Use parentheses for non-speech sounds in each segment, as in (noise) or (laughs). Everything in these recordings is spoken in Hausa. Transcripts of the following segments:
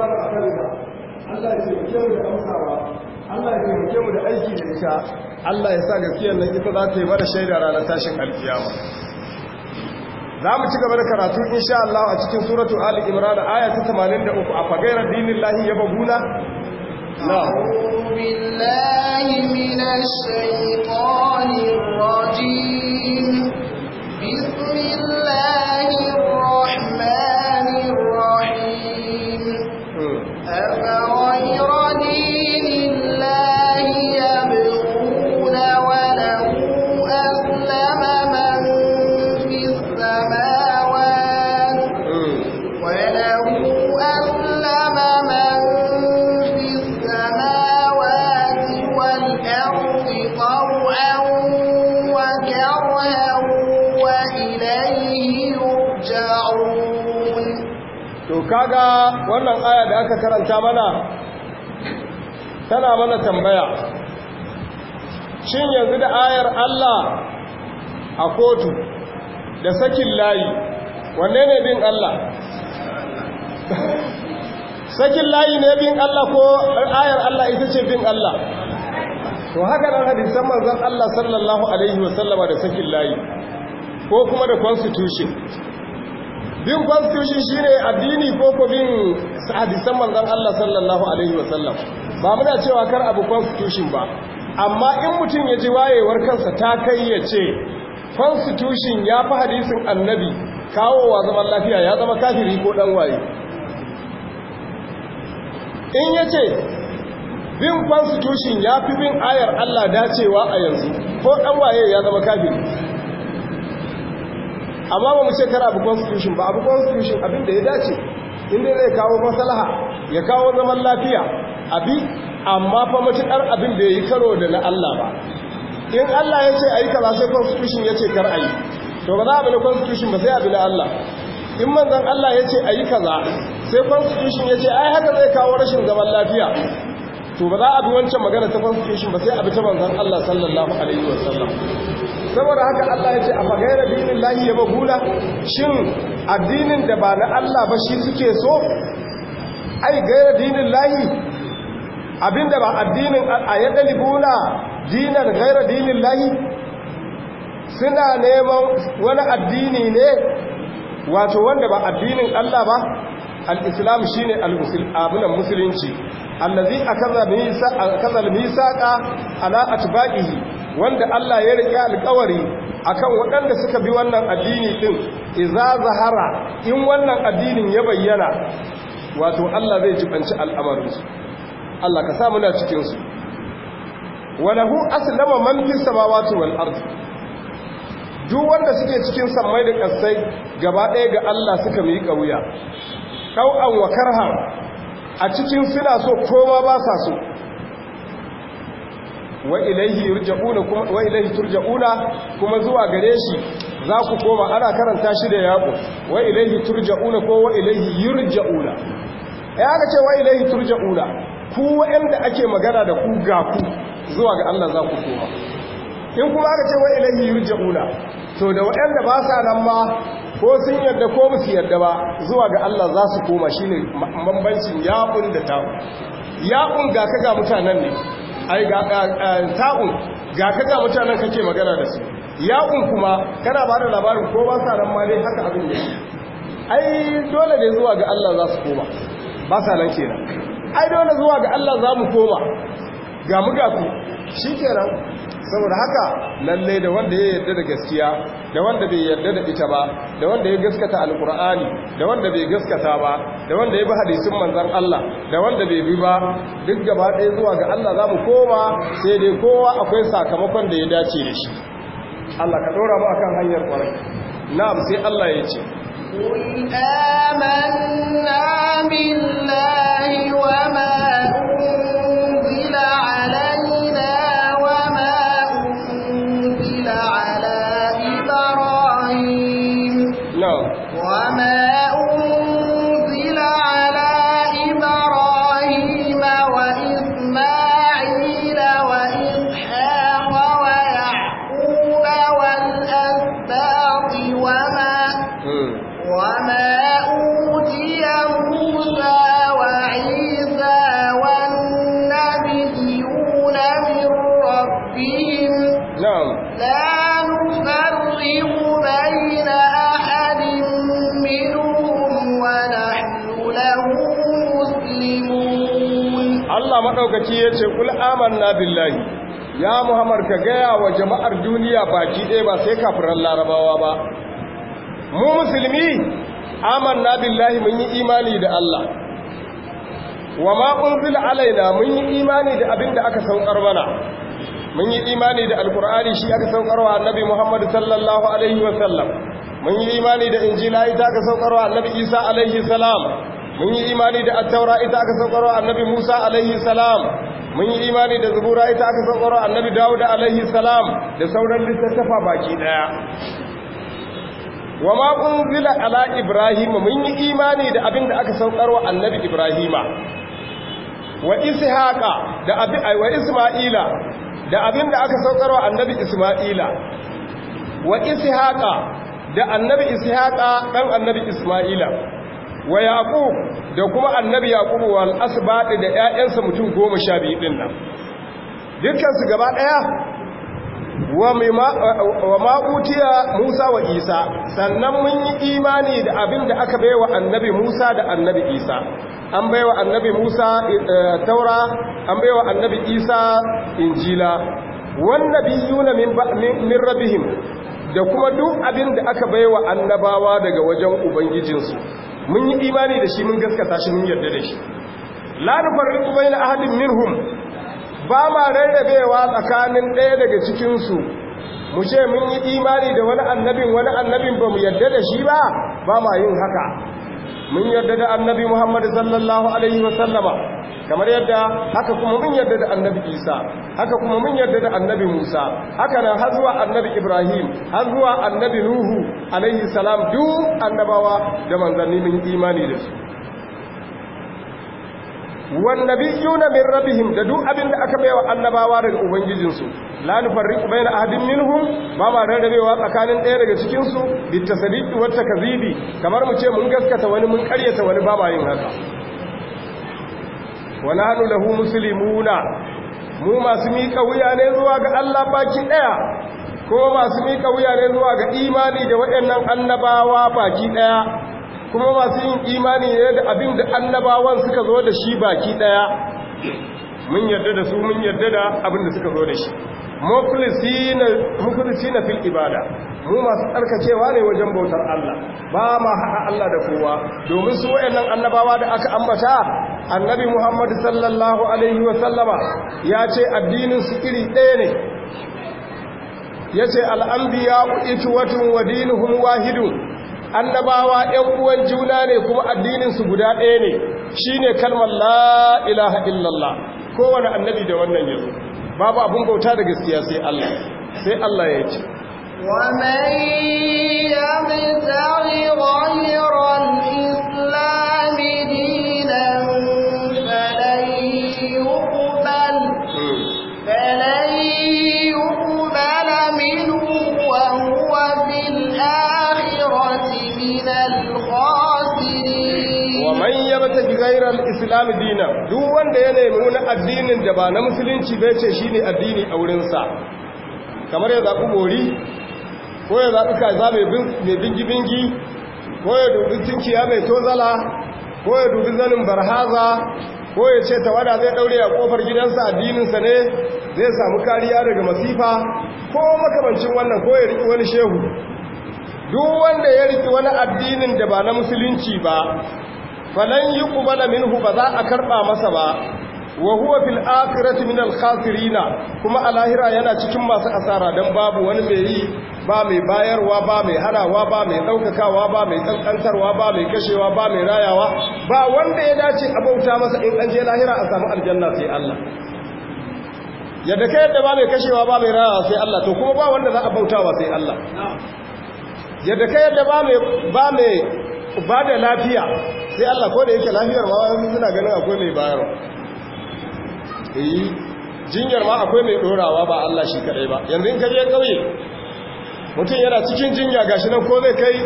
ba a kan riga Allah ya taimake mu da amsawa Allah ya taimake mu da aiki da ita Allah ya sa gaskiyar nan ita za ta yi mana shaida ranar tashin alkiyama za mu ci gaba da karatu insha Allah a cikin suratul Ali Imran aya ta 83 a fagairar dinin lahi ya baguna أعوذ billahi minash الشيطان rajim wannan aya da aka karanta mana tana mana tambaya shin yanzu da ayar Allah a kotu da sakin layi wanne ne bin Allah sakin layi ne bin Allah ko ayar Allah ita ce bin Allah to haka nan hadisan manzon Allah sallallahu alaihi wasallama da sakin layi ko kuma da constitution bin constitution shine addini ko ko bin hadisan manzon Allah sallallahu alaihi wasallam ba muna cewa kar abu constitution ba amma in mutum ya ji wayewar kansa ta kai ya ce constitution ya fi hadisin annabi kawo wa zaman lafiya ya zama kafiri ko dan waye in ya ce bin constitution ya fi bin ayar Allah dacewa a yanzu ko dan waye ya zama kafiri amma ba mu ce kar abu constitution ba abu constitution abin da ya dace inda zai kawo masalaha ya kawo zaman lafiya abi amma fa matuƙar abin da ya yi karo da na Allah ba in Allah ya ce a yi kaza sai constitution ya ce kar a yi to ba za a bi na constitution ba sai a bi na Allah in manzan Allah ya ce a yi kaza sai constitution ya ce ai haka zai kawo rashin zaman lafiya to ba za a bi wancan magana ta constitution ba sai a bi ta manzan Allah sallallahu alaihi wasallam saboda haka Allah ya ce a fagayar dinin lahi ya magula shin addinin da ba na Allah ba shi suke so ai gaira dinin lahi abinda ba addinin a yadda libuna dinar gaira dinin lahi suna neman wani addini ne wato wanda ba addinin Allah ba al’islam shi ne al-abunan musulunci allazi a misa saƙa al-misaqa ala wanda Allah ya rike alkawari akan waɗanda suka bi wannan addini din idza zahara in wannan addinin ya bayyana wato Allah zai jibanci al'amarinsu Allah ka sa muna cikin su walahu aslama man fi samawati wal ardi duk wanda suke cikin sammai da kasai gaba ɗaya ga Allah suka mi kauya Ƙau'an wa karha a cikin suna so koma ba sa so wa ilaihi turja'una kuma zuwa gare shi za ku koma ana karanta shi da yaƙo wa ilaihi turja'una ko wa ilaihi yurja'una Ya ga ce wa ilaihi turja'una ku wanda ake magana da ku ga ku zuwa ga Allah za ku koma in kuma aka ce wa ilaihi yurja'una to da wanda ba sa nan ma ko sun yadda ko ba su yadda ba zuwa ga Allah za su koma shine bambancin yaƙun da ta'u yaqun ga kaga mutanen ne ai ga ta'un ga kaga mutanen kake magana da su ya'un kuma kana ba da labarin ko ba sa ran ma dai haka abin ne ai dole ne zuwa ga Allah za su koma ba sa nan kenan ai dole zuwa ga Allah za mu koma ga mu ga ku shikenan saboda haka lalle da wanda ya yarda da gaskiya da wanda bai yarda da ita ba da wanda ya gaskata alkur'ani da wanda bai gaskata ba da wanda ya bi hadisin manzon Allah da wanda bai bi ba duk gaba ɗaya zuwa ga Allah zamu koma sai dai kowa akwai sakamakon da ya dace da shi Allah ka dora mu akan hanyar kwarai na'am sai Allah ya ce amanna billahi wa ma amanna billahi ya muhammad ka gaya wa jama'ar duniya baki ɗaya ba sai kafiran larabawa ba mu musulmi amanna billahi mun yi imani da Allah wa ma unzila alaina mun yi imani da abin da aka saukar mana mun yi imani da alkur'ani shi aka saukar wa annabi muhammad sallallahu alaihi wasallam mun yi imani da injila ita aka saukarwa annabi isa alaihi salam mun yi imani da attaura ita aka saukarwa annabi musa alaihi salam mun yi imani da zubura ita aka sassaro annabi dawud alaihi salam da sauran littattafa baki daya wa ma unzila ala ibrahim mun yi imani da abin da aka saukarwa annabi ibrahima wa ishaqa da abin wa isma'ila da abin da aka saukarwa annabi isma'ila wa ishaqa da annabi ishaqa dan annabi isma'ila wa yaqub da kuma annabi yaqub wal asbat da ƴaƴansa mutum 12 din nan dukkan su gaba daya wa ma utiya Musa wa Isa sannan mun yi imani da abin da aka baiwa annabi Musa da annabi Isa an baiwa annabi Musa eh, Taura an baiwa annabi Isa Injila wan nabiyuna min min rabbihim da kuma duk abin da aka baiwa annabawa daga wajen ubangijinsu mun yi imani da shi mun gaskata shi mun yarda da shi la nufarriqu bayna ahadin minhum ba ma rarrabewa tsakanin ɗaya daga cikin su mu ce mun yi imani da wani annabin wani annabin ba mu yarda da shi ba ba ma yin haka mun yarda da annabi Muhammad sallallahu alaihi wa sallama. kamar yadda haka kuma mun yarda da annabi isa haka kuma mun yarda da annabi musa haka nan har zuwa annabi ibrahim har zuwa annabi nuhu alaihi salam duk annabawa da manzanni mun imani da su nabiyuna min rabbihim da duk abin da aka baiwa annabawa daga ubangijinsu la nufarriqu baina ahadin minhum ba ma rarrabewa tsakanin ɗaya daga cikin su bitasadiqi wa takzibi kamar mu ce mun gaskata wani mun karyata wani ba ma yin haka wala nu lahu muslimuna mu masu miƙa wuya ne zuwa ga Allah baki ɗaya ko masu miƙa wuya ne zuwa ga imani da waɗannan annabawa baki ɗaya kuma masu yin imani ne da abin da annabawan suka zo da shi baki ɗaya mun yarda da su mun yarda da abin da suka zo da shi muflisina fil ibada mu masu tsarkacewa ne wajen bautar Allah ba ma haɗa Allah da kowa domin su wayannan annabawa da aka ambata annabi Muhammad sallallahu alaihi wa sallama ya ce addinin su iri ɗaya ne ya ce al'ambiya watun wa dinuhum wahidun annabawa ‘yan uwan juna ne kuma addinin su guda ɗaya ne shine kalmar la ilaha illallah kowane annabi da wannan yanzu. babu abun bauta da gaskiya sai Allah sai Allah ya ce islam dina duk wanda ya nemi wani addinin da ba na musulunci bai ce shine addini a aurinsa kamar ya zaɓi bori. ko ya zaɓi kaza mai bingi-bingi ko ya dubi mai tozala ko ya dubi zanin barhaza ko ya ce tawada zai ɗaure a ƙofar gidansa addininsa ne zai samu kariya daga masifa ko makamancin wannan ko ya riƙi wani shehu duk wanda ya riƙi wani addinin da ba na musulunci ba falan yi ƙubala minhu ba za a karɓa masa ba wa huwa fil akhirati min al khasirin kuma a lahira yana cikin masu asara dan babu wani mai yi ba mai bayarwa ba mai hadawa ba mai daukakawa ba mai kankantarwa ba mai kashewa ba mai rayawa ba wanda ya dace a bauta masa in an je lahira a samu aljanna sai Allah yadda kai yadda ba mai kashewa ba mai rayawa sai Allah to kuma ba wanda za a bautawa sai Allah yadda kai yadda ba mai ba mai ba da lafiya sai Allah ko da yake lafiyar ma suna ganin akwai mai bayarwa yi eh, jinyar ma akwai mai dorawa ba Allah shi kadai ba yanzu in ka je kauye mutum yana cikin jinya gashi nan ko zai kai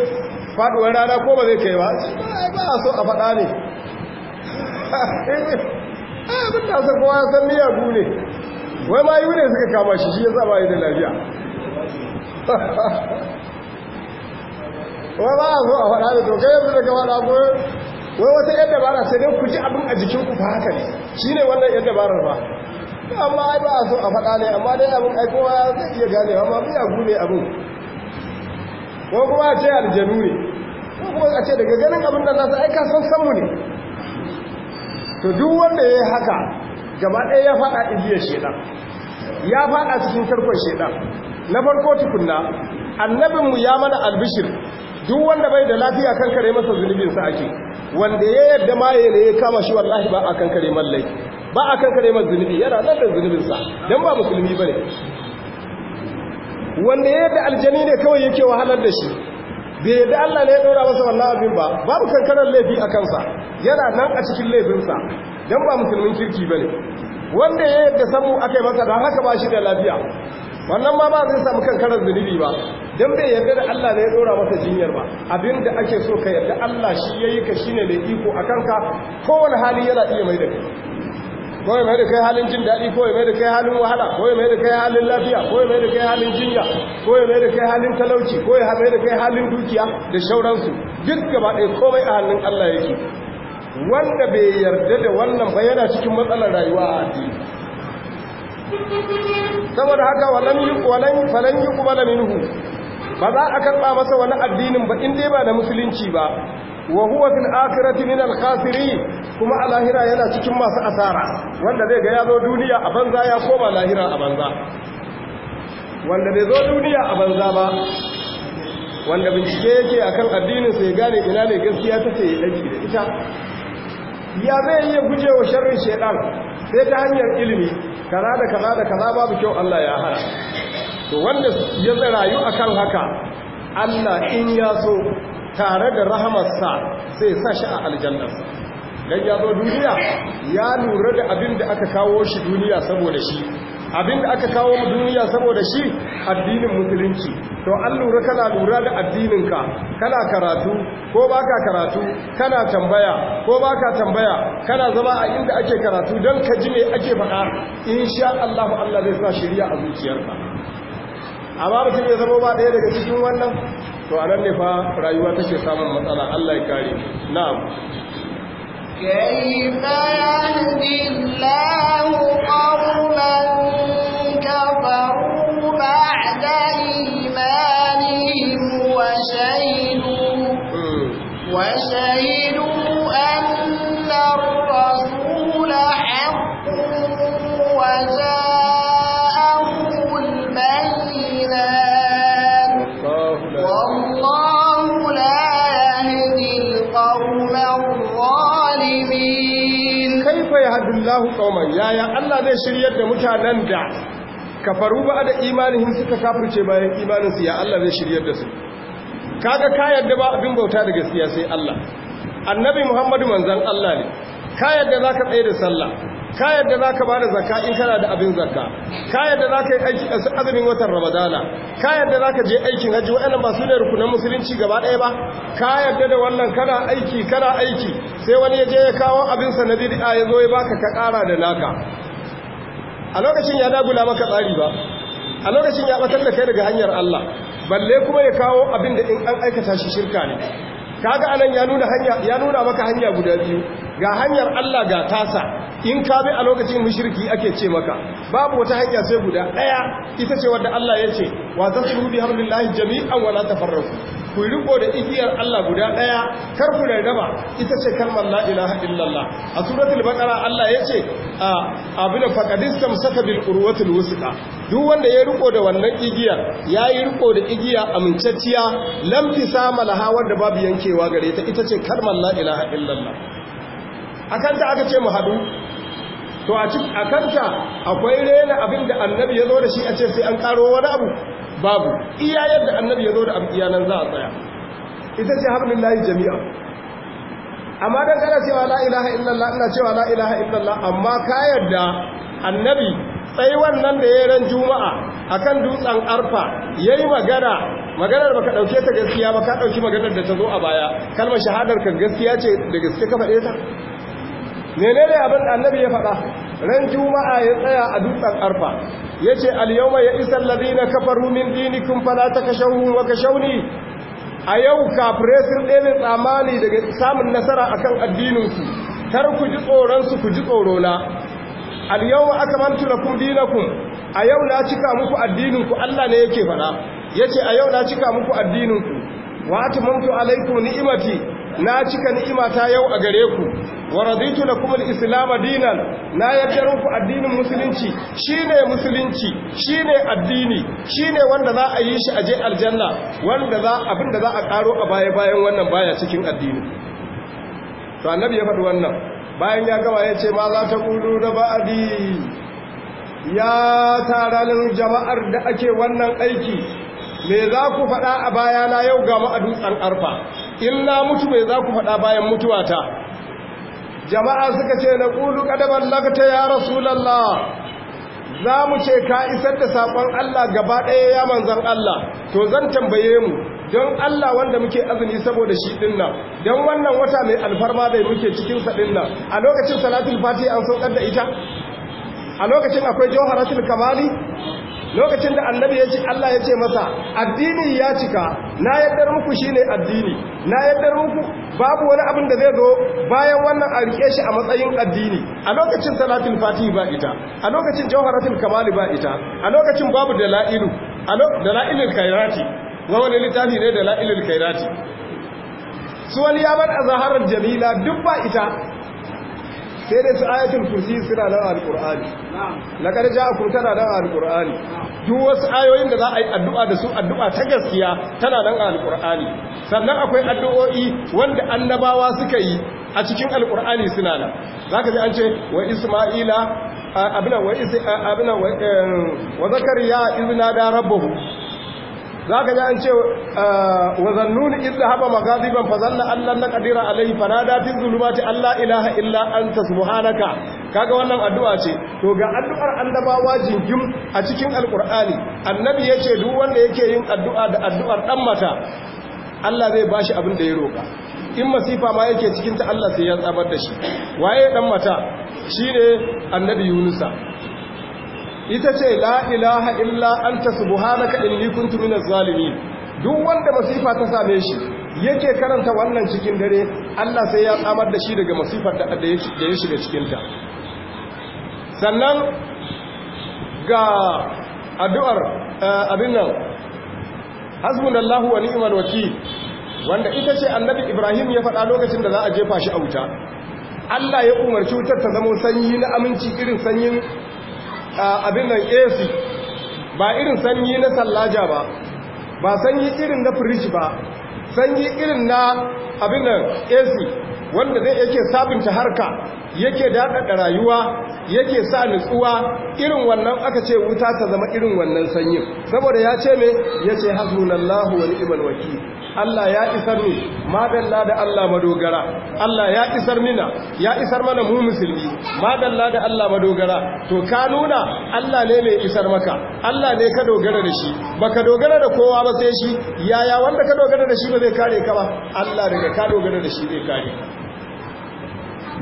faduwar rana ko ba zai kai ba ba a so a faɗa ne (laughs) ah, abin da san kowa san miya bu ne wai ma yi ne suka kama shi shi ya sa ba yi da lafiya (laughs) wai ba a so a faɗa ne to kai yanzu da ka faɗa ko wai wata yadda dabara sai dai ku ji abin a jikinku fa haka ne shi ne wannan yadda dabarar ba amma ai ba a so a faɗa ne amma dai abin ai kowa zai iya gane amma biya gune abin ko kuma ce aljanu ne ko kuma a ce daga ganin abin da nasa aika san mu ne to duk wanda ya yi haka gaba ɗaya ya faɗa igiyar shedan ya faɗa cikin tarkon shedan na farko tukunna annabinmu ya mana albishir duk wanda bai da lafiya kan kare masa zunubin sa ake wanda ya yadda ya ne ya kama shi wallahi ba akan kare mallai ba akan kare masa zunubi yana nan da zunubin sa dan ba musulmi bane wanda ya yadda aljani ne kawai yake wahalar da shi bai yadda Allah ne ya dora masa wannan abin ba babu kankanar laifi a kansa yana nan a cikin laifinsa dan ba musulmin kirki bane wanda ya yadda samu akai masa dan haka ba shi da lafiya wannan ma ba zai samu da zunubi ba don bai yarda da Allah da ya tsora masa jinyar ba abin da ake so ka yarda Allah shi ya yi ka shi ne mai iko a kanka kowane hali yana iya mai da kai ko ya mai da kai halin jin daɗi ko ya mai da kai halin wahala ko ya mai da kai halin lafiya ko ya mai da kai halin jinya ko ya mai da kai halin talauci ko ya mai da kai halin dukiya da shauransu duk gaba ɗaya komai a hannun Allah yake wanda bai yarda da wannan ba yana cikin matsalar rayuwa a addini saboda haka walan walan falan kuma minhu ba za a karba masa wani addinin ba in dai ba da musulunci ba wa huwa fil akhirati min al kuma a lahira yana cikin masu asara wanda zai ga ya zo duniya a banza ya koma lahira a banza wanda bai zo duniya a banza ba wanda bincike yake akan addinin sai gane ina ne gaskiya take da aiki da ita ya zai iya gujewa sharrin shedan sai ta hanyar ilimi kaza da kaza da kaza babu kyau Allah ya hana to wanda ya rayu akan haka Allah in ya so tare da rahamarsa sai sa shi a aljanna, dan ya zo duniya ya lura da abin da aka kawo shi duniya saboda shi Abin da aka kawo mu duniya saboda shi addinin musulunci to an lura kana lura da addininka kana karatu ko baka karatu kana tambaya ko baka tambaya kana zama a inda ake karatu don ka ji me ake faɗa insha Allah Allah zai sa shari'a a zuciyarka amma mutum ya zama ba ɗaya daga cikin wannan to anan ne fa rayuwa take samun matsala Allah ya kare na'am كيف يهدي الله قوما كفروا بعد إيمانهم وشهدوا وشهدوا أن الرسول حق وزاد yahdillahu qauman yaya Allah zai shiryar da mutanen da kafaru ba da imanin suka kafirce bayan imanin su ya Allah zai shiryar da su kaga ka yarda ba abin bauta da gaskiya sai Allah annabi Muhammadu manzon Allah ne ka yarda zaka tsaye da sallah ka yadda za ka ba da zakka in kana da abin zaka ka yadda za ka yi aiki a azumin watan ramadana ka yadda za ka je aikin hajji waɗannan ba su ne rukunan musulunci gaba ɗaya ba ka yadda da wannan kana aiki kana aiki sai wani ya je ya kawo abin na da ya zo ya baka ka ƙara da naka a lokacin ya dagula maka tsari ba a lokacin ya da kai daga hanyar Allah balle kuma ya kawo abin in an aikata shi shirka ne kaga anan ya nuna maka hanya guda biyu ga hanyar Allah ga tasa in ka bi a lokacin mushriki ake ce maka babu wata hanya sai guda ɗaya ita ce wadda Allah ya ce wa tasru bi hablillahi jami'an wa la tafarraqu ku riko da igiyar Allah guda ɗaya kar ku rarraba ita ce kalmar la ilaha illallah a suratul baqara Allah ya ce abin faqadistam saka bil urwatil wusqa duk wanda ya riko da wannan igiyar yayi riko da igiya amincacciya lam tisama laha wanda babu yankewa gare ta ita ce kalmar la ilaha illallah a kanta aka ce mu haɗu to a kanta akwai rena abin da annabi ya zo da shi a ce sai an ƙaro wani abu babu iya yadda annabi ya zo da abu iyanan za a tsaya ita ce hablin layi jami'a amma don kana cewa la illallah ina cewa la illallah amma ka yadda annabi tsayi wannan da ya ran juma'a kan dutsen arfa ya yi magana maganar ba ka ɗauke ta gaskiya ba ka ɗauki maganar da ta zo a baya kalmar shahadar kan gaskiya ce da gaske ka faɗe ta menene abin da annabi ya faɗa ran juma'a ya tsaya a dutsen arfa yace al-yawma ya isal ladina kafaru min dinikum fala takashawhum wa kashawni a yau kafirai sun ɗebe tsamani daga samun nasara akan addininku kar ku ji tsoron su ku ji tsoro na al-yawma akmaltu lakum dinakum a yau na cika muku addininku Allah ne yake faɗa yace a yau na cika muku addininku wa atamantu alaykum ni'mati na cika ni'imata yau a gare ku wa raditu lakum al-islam dinan na yaddaru muku addinin musulunci shine musulunci shine addini shine wanda za a yi shi a je aljanna wanda za abin za a karo a baya bayan wannan baya cikin addini to annabi ya faɗi wannan bayan ya gama ya ce ma za ta kulu da ba'adi ya taralin jama'ar da ake wannan aiki me za ku faɗa a baya na yau ga dutsen arfa In na mutu bai za ku faɗa bayan mutuwa ta? jama'a suka ce na ƙulu ƙadabar lagata ya rasulallah za mu ce ka isar da saƙon Allah gaba ɗaya ya manzan Allah to zan tambaye mu don Allah wanda muke azumi saboda shi dinnan don wannan wata mai alfarma da muke cikinsa dinnan a lokacin salatul fati an saukar da ita a lokacin akwai jawharatul kamali lokacin da annabi ya ce Allah ya ce masa addini ya cika na yaddar muku shine addini na yaddar muku babu wani abin da zai zo bayan wannan a rike shi a matsayin addini a lokacin salatul fatihi ba ita a lokacin jawharatul kamali ba ita a lokacin babu dalailu a dalailul khairati wani littafi ne dalailul khairati su wal a azharar jamila duk ba ita sai dai su ayatul kursi suna nan alqur'ani laqad ja'akum tana nan alqur'ani duk wasu ayoyin da za a yi addu'a da su addu'a ta gaskiya tana nan alqur'ani sannan akwai addu'o'i wanda annabawa suka yi a cikin alqur'ani suna nan zaka ji an ce wa isma'ila abina wa abina wa zakariya da rabbuhu za ka ji an ce ah, wazannun idda haɓa magaziban fazanna allan na ƙadira alaihi fanada fi zulumati allah ilaha illa anta subhanaka kaga wannan addu'a ce to ga addu'ar annabawa jingim a cikin alkur'ani annabi ya ce duk wanda yake yin addu'a da addu'ar ɗan mata allah zai bashi abin da ya roƙa in masifa ma yake ta allah sai ya tsabar da shi waye ɗan mata shine annabi yunusa ita ce la ilaha illa anta subhanaka inni kuntu minaz zalimin duk wanda masifa ta same shi yake karanta wannan cikin dare Allah sai ya tsamar da shi daga masifar da da ya shiga cikin ta sannan ga addu'ar eh, abin nan hasbunallahu wa ni'mal wakeel wanda ita ce annabi Ibrahim ya faɗa lokacin da za a jefa shi a wuta Allah ya umarci wutar ta zama sanyi na aminci irin sanyin abin nan ac ba irin sanyi na sallaja ba ba sanyi irin na firiji ba sanyi irin na abin nan ac wanda zai yake sabinta harka yake daɗaɗa rayuwa yake sa nutsuwa irin wannan aka ce wuta ta zama irin wannan sanyin saboda ya ce me yace ce wa ni'mal wakeel Allah ya isar ni madalla da Allah madogara Allah ya isar mina ya isar mana mu musulmi madalla da Allah madogara to ka nuna Allah ne mai isar maka Allah ne ka dogara da shi baka dogara da kowa ba sai shi yaya wanda ka dogara da shi ba zai kare ka ba Allah daga ka dogara da shi zai kare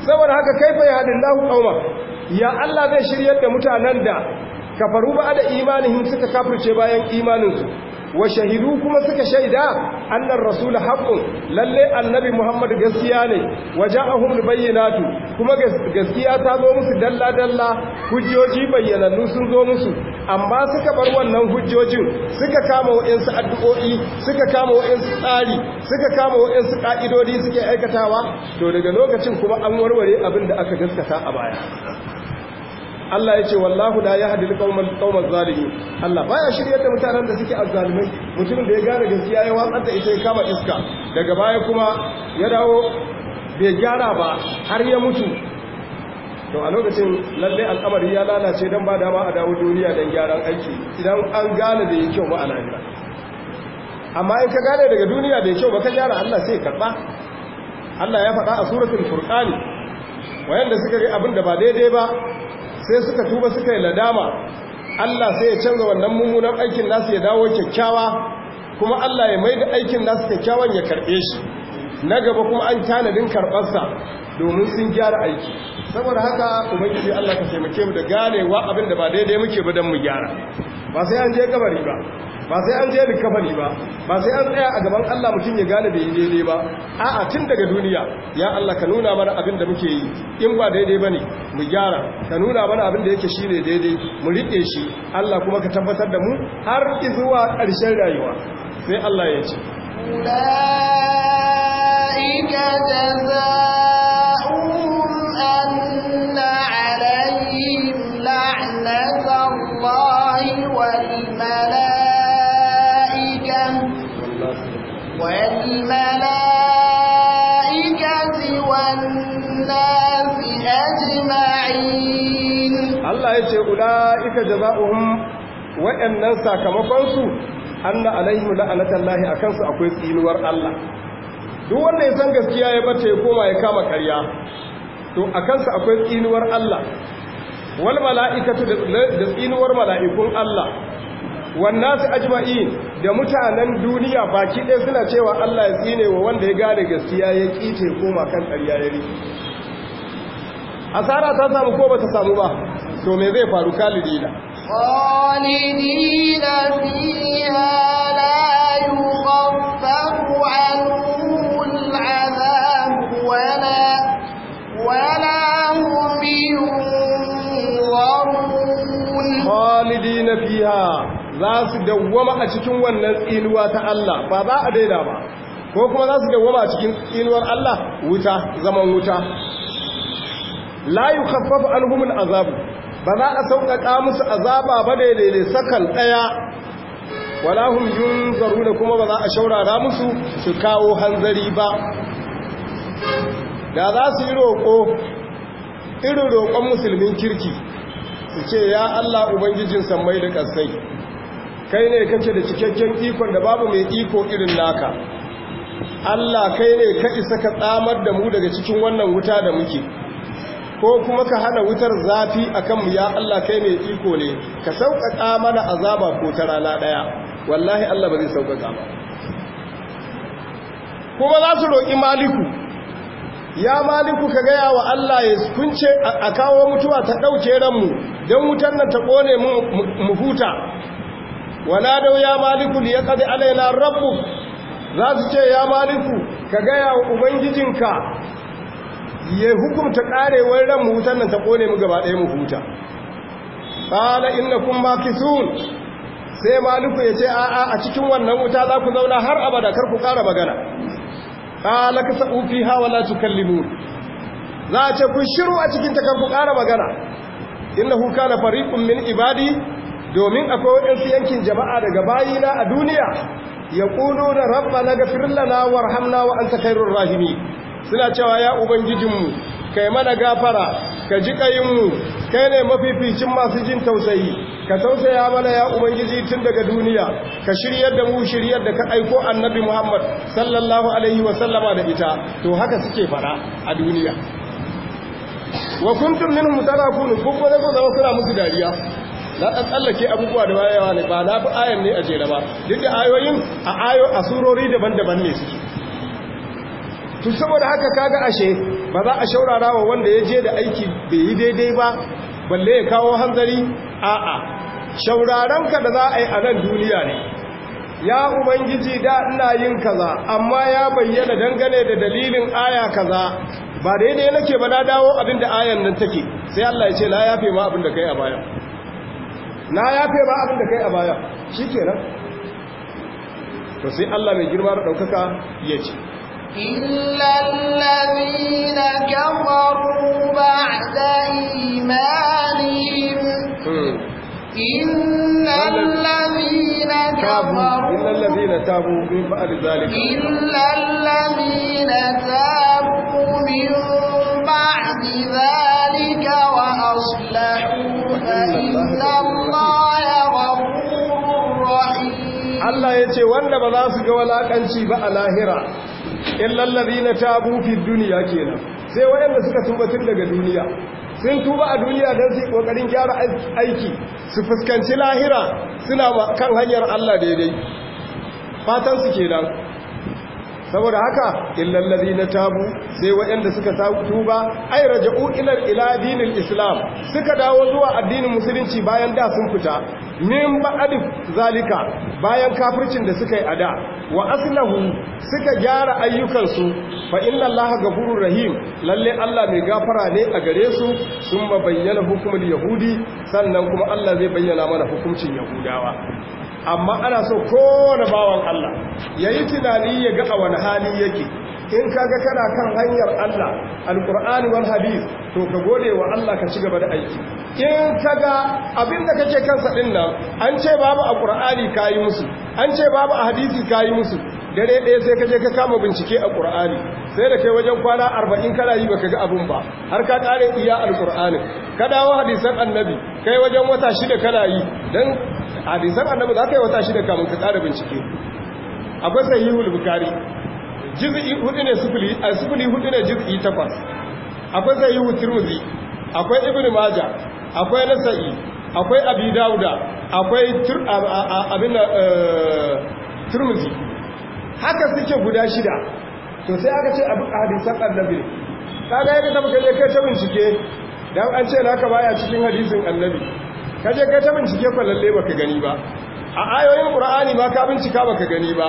saboda haka kaifa ya hadin lahu qauma ya Allah zai shiryar da mutanen da kafaru ba da imanin suka kafirce bayan imanin su? wa shahidu kuma suka shaida annar rasul haqqun lalle annabi muhammad gaskiya ne waja'ahum bayyinatu kuma gaskiya ta zo musu dalla dalla hujjoji bayyanannu sun zo musu amma suka bar wannan hujjojin suka kama wa'ansu addu'o'i suka kama wa'ansu tsari suka kama wa'ansu ka'idodi suke aikatawa to daga lokacin kuma an warware abin da aka gaskata a baya Allah ya ce wallahu la yahdi al-qawmal qawmaz zalimin Allah baya shiryar da mutanen da suke azzalimai mutumin da ya gane gaskiya ya watsar da ita ya kama iska daga baya kuma ya dawo bai gyara ba har ya mutu to a lokacin lalle al'amari ya lalace dan ba dama a dawo duniya dan gyaran aiki idan an gane da yake ba a lahira amma in ka gane daga duniya da ya kyau ba ka gyara Allah sai karba Allah ya faɗa a suratul furqani wayanda suka ga abin da ba daidai ba sai suka tuba suka yi ladama Allah sai ya canza wannan mummunan aikin nasu ya dawo kyakkyawa kuma Allah ya mai da aikin nasu kyakkyawan ya karɓe shi na gaba kuma an tanadin karɓarsa domin sun gyara aiki saboda haka ubangiji Allah ka taimake mu da ganewa abin da ba daidai muke ba don mu gyara ba sai an je kabari ba ba sai an je kafani ba ba sai an tsaya a gaban Allah mutum ya gane yi daidai ba a'a tun daga duniya ya Allah ka nuna mana abin da muke yi in ba daidai ba ne mu gyara ka nuna mana abin da yake shi ne daidai mu riƙe shi Allah kuma ka tabbatar da mu har zuwa ƙarshen rayuwa sai Allah ya ce Allah ya ce, Ula ika jaza wa’yannan sakamakonsu, an na alaihi da alatan lahi a kansu akwai tsinuwar Allah. Duk ya san gaskiya ya bace ya koma ya kama karya, to a kansu akwai tsinuwar Allah, wal mala’ikatu da tsinuwar mala’ikun Allah. wannan su ajma'in da mutanen duniya baki ɗaya suna cewa Allah ya tsine wa wanda ya gane gaskiya ya kite koma kan ƙarya ya rike asara ta samu ko ba ta samu ba to me zai faru kalidina qalidina fiha la yukhaffafu anhum al'adab wala wala hum yunzarun fiha za su dawwama a cikin wannan tsinuwa ta Allah ba za a daida ba ko kuma za su dawwama a cikin tsinuwar Allah wuta zaman wuta la yukhaffafu alhumin azabu ba za a sauƙaƙa musu azaba ba daidai sakan ɗaya wala hum yunzaruna kuma ba za a shaurara musu su kawo hanzari ba da za su yi roƙo irin roƙon musulmin kirki su ce ya Allah ubangijin sammai da ƙasai kai ne kake da cikakken ikon da babu mai iko irin naka Allah kai ne ka isa ka tsamar da mu daga cikin wannan wuta da muke ko kuma ka hana wutar zafi a kanmu ya Allah kai mai iko ne ka sauƙaƙa mana azaba ko ta rana ɗaya wallahi Allah ba zai sauƙaƙa ba kuma za su roƙi maliku ya maliku ka gaya wa Allah ya kunce a kawo mutuwa ta ɗauke ranmu don wutar nan ta ƙone mu huta wala dau ya maliku li yaqdi alaina rabbu za su ce ya maliku ka gaya wa ubangijinka ya hukunta karewar ran mu nan ta kone mu gaba ɗaya mu huta qala innakum makisun sai maliku ya ce a'a a cikin wannan wuta za ku zauna har abada kar ku ƙara magana qala kasau fiha wala tukallimun za a ce ku shiru a cikin ta kar ku ƙara magana innahu kana fariqun min ibadi domin akwai waɗansu yankin jama'a daga bayina a duniya ya ƙudo da rabba na gafirin lana hamna wa an takairun rahimi suna cewa ya ubangijinmu kai mana gafara ka ji ƙayinmu kai ne mafificin masu jin tausayi ka tausaya mana ya ubangiji tun daga duniya ka shiryar da mu shiryar da ka aiko annabi muhammad sallallahu alaihi wa sallama da ita to haka suke fara a duniya wa kuntum minhum tarakun kun ko zama kuna musu dariya na ɗan tsallake abubuwa da wayewa ne ba na fi ayan ne a jere ba duk da ayoyin a ayo a surori daban-daban ne suke su saboda haka kaga ashe ba za a shaurara wa wanda ya je da aiki bai yi daidai ba balle ya kawo hanzari a'a ka da za a yi a nan duniya ne ya ubangiji da ina yin kaza amma ya bayyana dangane da dalilin aya kaza ba daidai nake ba na dawo abin da ayan nan take sai Allah ya ce la yafe ma abin da kai a baya na ya ba abin da kai a baya shi ke nan to Allah mai girma da ɗaukaka ya na إِلَّا الَّذِينَ تَابُوا مِنْ بَعْدِ ذَلِكَ إِلَّا الَّذِينَ تَابُوا مِنْ بعد ya ce wanda الله غفور رحيم الله يتي وانا a ولا in lallari لاهرة إلا الذين تابوا في الدنيا كينا sai waɗanda suka tuba tun daga duniya sun tuba a duniya don su ƙoƙarin gyara aiki su fuskanci lahira suna kan hanyar Allah daidai fatan fatansu kenan saboda haka illal ladina tabu sai waɗanda suka tuba ai raja'u ila ila dinil islam suka dawo zuwa addinin musulunci bayan da sun fita min ba'adif zalika bayan kafircin da suka yi ada wa aslahu suka gyara ayyukansu fa inna allaha gafurur rahim lalle Allah mai gafara ne a gare su sun bayyana hukumul yahudi sannan kuma Allah zai bayyana mana hukuncin yahudawa amma ana so kowane bawan Allah ya yi tunani ya ga a wani hali yake in kaga kana kan hanyar Allah Alƙur'ani wal hadis to ka gode wa Allah ka ci gaba da aiki in kaga da kake kansa din nan an ce babu a qur'ani kayi musu an ce babu a hadisi kayi musu dare ɗaya sai kaje ka kama bincike a qur'ani sai da kai wajen kwana 40 kana yi baka ga abin ba har ka kare iya alkur'ani ka dawo hadisan annabi kai wajen wata shida kana yi dan hadisan annabi za ka yi wata shida kamun ka tsara bincike akwai sahihul bukari jizi hudu ne sufuli a eh, sufuli hudu ne jizi takwas akwai sahihu tirmidhi akwai ibnu maja akwai nasa'i akwai abi dauda akwai abin eh, turmuzi haka suke guda shida to sai aka ce abu hadisan annabi kaga yadda da muka kai ta bincike dan an ce naka baya cikin hadisin annabi ka je ka ta bincike ko lalle baka gani ba a ayoyin qur'ani ma ka bincika baka gani ba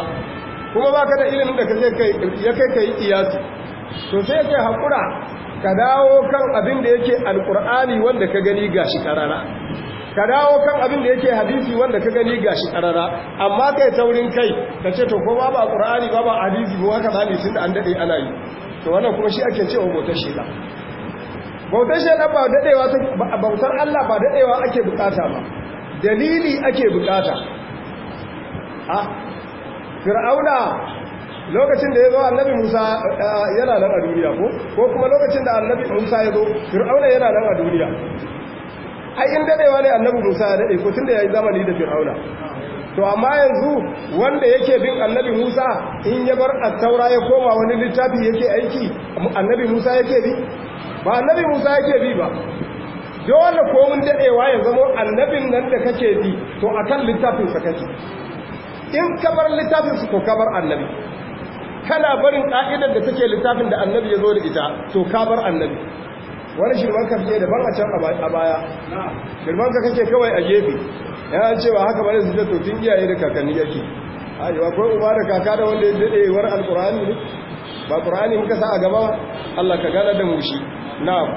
kuma baka da ilimin da ka je kai ya kai kai kiyasi to sai kai hakura ka dawo kan abin da yake alqur'ani wanda ka gani gashi karara ka dawo kan abin da yake hadisi wanda ka gani gashi karara amma kai taurin kai ka ce to ko qur'ani ba ba hadisi ba haka zani tunda an dade ana yi to wannan kuma shi ake cewa motar shida bautar shaidan ba ta bautar Allah ba daɗewa ake bukata ba dalili ake bukata a fir'auna lokacin da ya zo annabi musa yana nan a duniya ko ko kuma lokacin da annabi musa ya zo fir'auna yana nan a duniya ai in daɗewa ne annabi musa ya daɗe ko tun da ya yi zamani da fir'auna to amma yanzu wanda yake bin annabi musa in ya bar attaura ya koma wani littafi yake aiki annabi musa yake bi ba annabi musa yake bi ba dole komin daɗewa ya zama annabin nan da kake bi to a kan littafinsa kake in ka bar littafinsa to bar annabi kana barin ƙa'idar da take littafin da annabi ya zo da ita to ka bar annabi wani shirman ka fiye daban a can a baya shirman ka kake kawai a gefe yana cewa haka bane su to tun iyaye da kakanni yake ayo ko uba da kaka da wanda ya dade war alqur'ani ne ba qur'ani muka sa a gaba Allah ka gana da mu shi na'am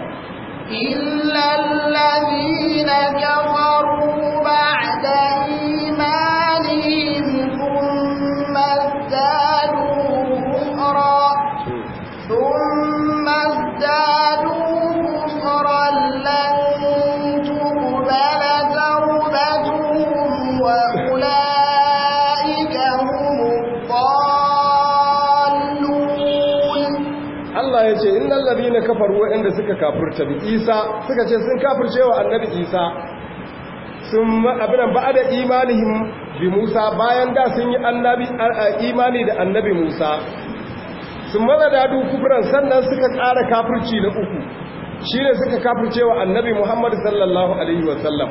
illa alladhina kafaru ba'da imanihim thumma na kafaru waɗanda suka kafurta bi isa suka ce sun kafurce wa annabi isa sun abinan ba da imanihim bi musa bayan da sun yi imani da annabi musa sun maza dadu kufuran sannan suka ƙara kafirci da uku shi ne suka kafurce wa annabi muhammadu sallallahu alaihi wasallam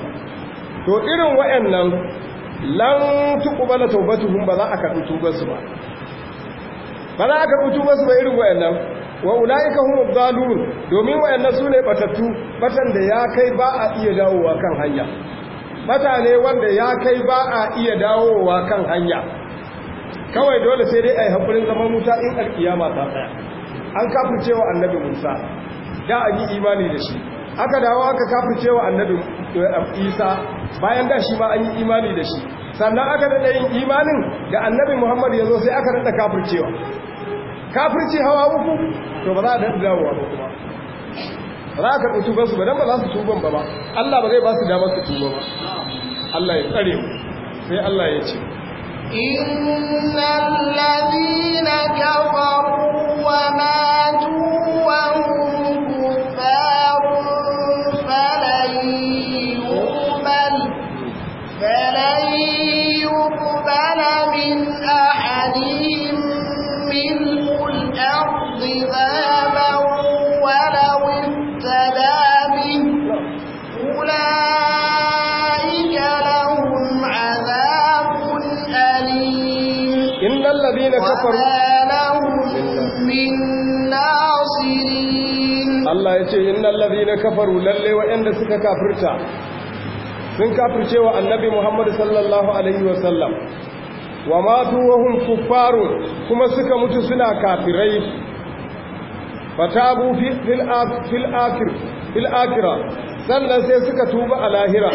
to irin waɗannan lan tuƙubala taubatuhun ba za a karɓi tubarsu ba ba za a karɓi tubarsu ba irin waɗannan wa ula'ika hum dalun domin wayannan sune ne batattu batan da ya kai ba a iya dawowa kan hanya Batane wanda ya kai ba a iya dawowa kan hanya kawai dole sai dai ai hakurin zaman wuta in alkiyama ta tsaya an kafircewa annabi Musa da an yi imani da shi aka dawo aka kafircewa annabi eh, Isa bayan da shi ma an yi imani da shi sannan aka dade yin imanin da annabi Muhammad yazo sai aka dada kafircewa kafirci hawa uku to ba za a daɗa dawowa ba kuma ba za a karɓi tubansu ba don ba za su tuban ba ba Allah ba zai ba su damar su tuba ba Allah ya tsare mu sai Allah ya ce إن الذين كفروا وماتوا وهم na kafaru lalle waɗanda suka kafirta sun kafirce wa annabi Muhammad sallallahu alaihi wa matu wa hum kuffarun kuma suka mutu suna kafirai fatabu fil fil akhir fil akhira sannan sai suka tuba a lahira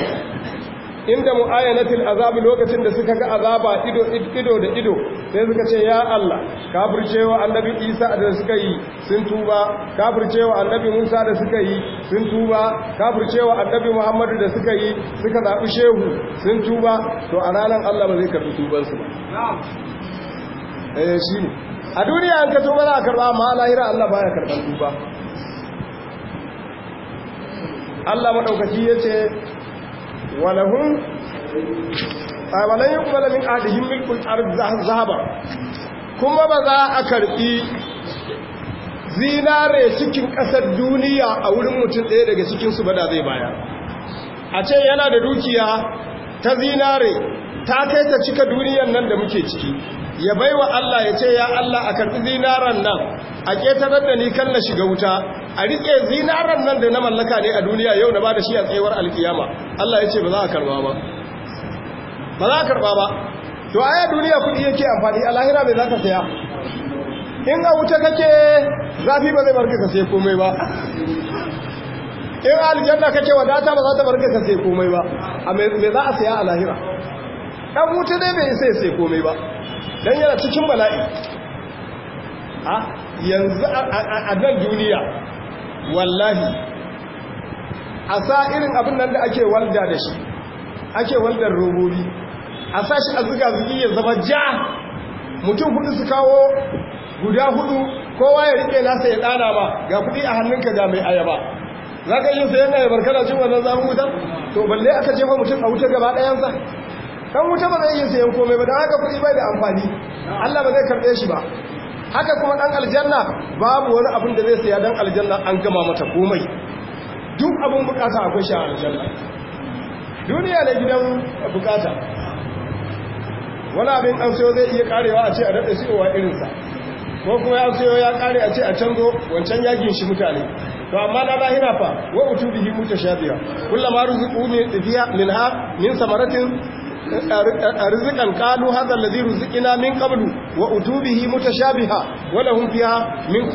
inda mu'ayanatil azab lokacin da suka ga azaba ido ido da ido sai suka ce ya Allah kafircewa annabi Isa da suka yi sun tuba kafircewa annabi Musa da suka yi sun tuba kafircewa annabi Muhammadu da suka yi suka zaɓi shehu sun tuba to a ranar Allah ba zai karɓi tubansu ba eh shi ne a duniya an ka tuba za a karɓa amma a lahira Allah baya karɓar tuba Allah maɗaukaki ya ce walahun wala yin kwada adihin adihim milkul zaba kuma ba za a karbi zinare cikin ƙasar duniya a wurin mutum ɗaya daga cikinsu ba da zai baya a ce yana da dukiya ta zinare ta kai ta cika duniyan nan da muke ciki ya bai wa Allah ya ce ya Allah a karɓi zinaren nan a ƙetarar da ni kan na shiga wuta a riƙe zinaren nan da na mallaka ne a duniya yau na ba da shi a tsewar alkiyama Allah ya ce ba za a karɓa ba ba za a karba ba to aya duniya kudi yake amfani a lahira bai za ka saya in a wuce kake zafi ba zai barka ka sai komai ba in aljanna kake wadata ba za ta barka ka sai komai ba a mai za a saya a lahira Ɗan wuce dai bai ya sai komai ba Don yana cikin bala'i a yanzu a nan duniya wallahi a sa irin abin nan da ake walda da shi ake waldar robobi a sashi a zuga zugi ya zama ja mutum hudu su kawo guda hudu kowa ya rike nasa ya dana ba ga kudi a hannunka ga mai ayaba za ka yi sayan ayabar kana cin wannan zafin wutar to balle aka jefa mutum a wuta gaba ɗayansa kan wuta ba zai yi sayan komai ba da haka kudi bai da amfani allah ba zai karɓe shi ba haka kuma ɗan aljanna babu wani abin da zai saya dan aljanna an gama mata komai duk abin bukata akwai shi a aljanna duniya na gidan bukata wani abin an sayo zai iya karewa a ce a daɗa wa irinsa ko kuma ya sayo ya kare a ce a canzo wancan yakin shi mutane to amma na lahira fa wa utubihi mutashabiha kullama ruzuqu min fiha minha min samaratin rizqan qalu hadha alladhi ruziqna min qablu wa utubihi mutashabiha wa lahum fiha min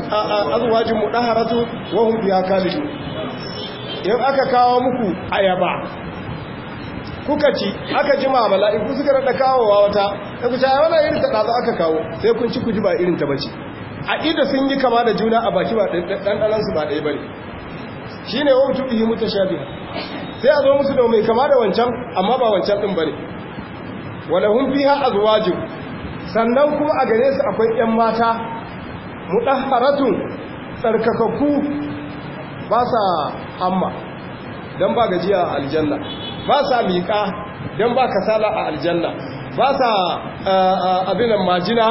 azwajin mudahharatu wa hum fiha khalidun Yau aka kawo muku ayaba kuka ci aka ji ma mala'iku suka rada kawowa wata da ku cewa wannan irin ta dazu aka kawo sai kun ci ku ji ba irin ta bace a ido sun yi kama da juna a baki ba dan su ba dai bane shine wa mutubihi mutashabiha sai a zo musu da mai kama da wancan amma ba wancan din bane walahum fiha azwaju sannan kuma a gare su akwai ƴan mata mutahharatun tsarkakakku ba sa hamma don ba gajiya a aljanna ba sa miƙa don ba kasala a aljanna ba sa abinan majina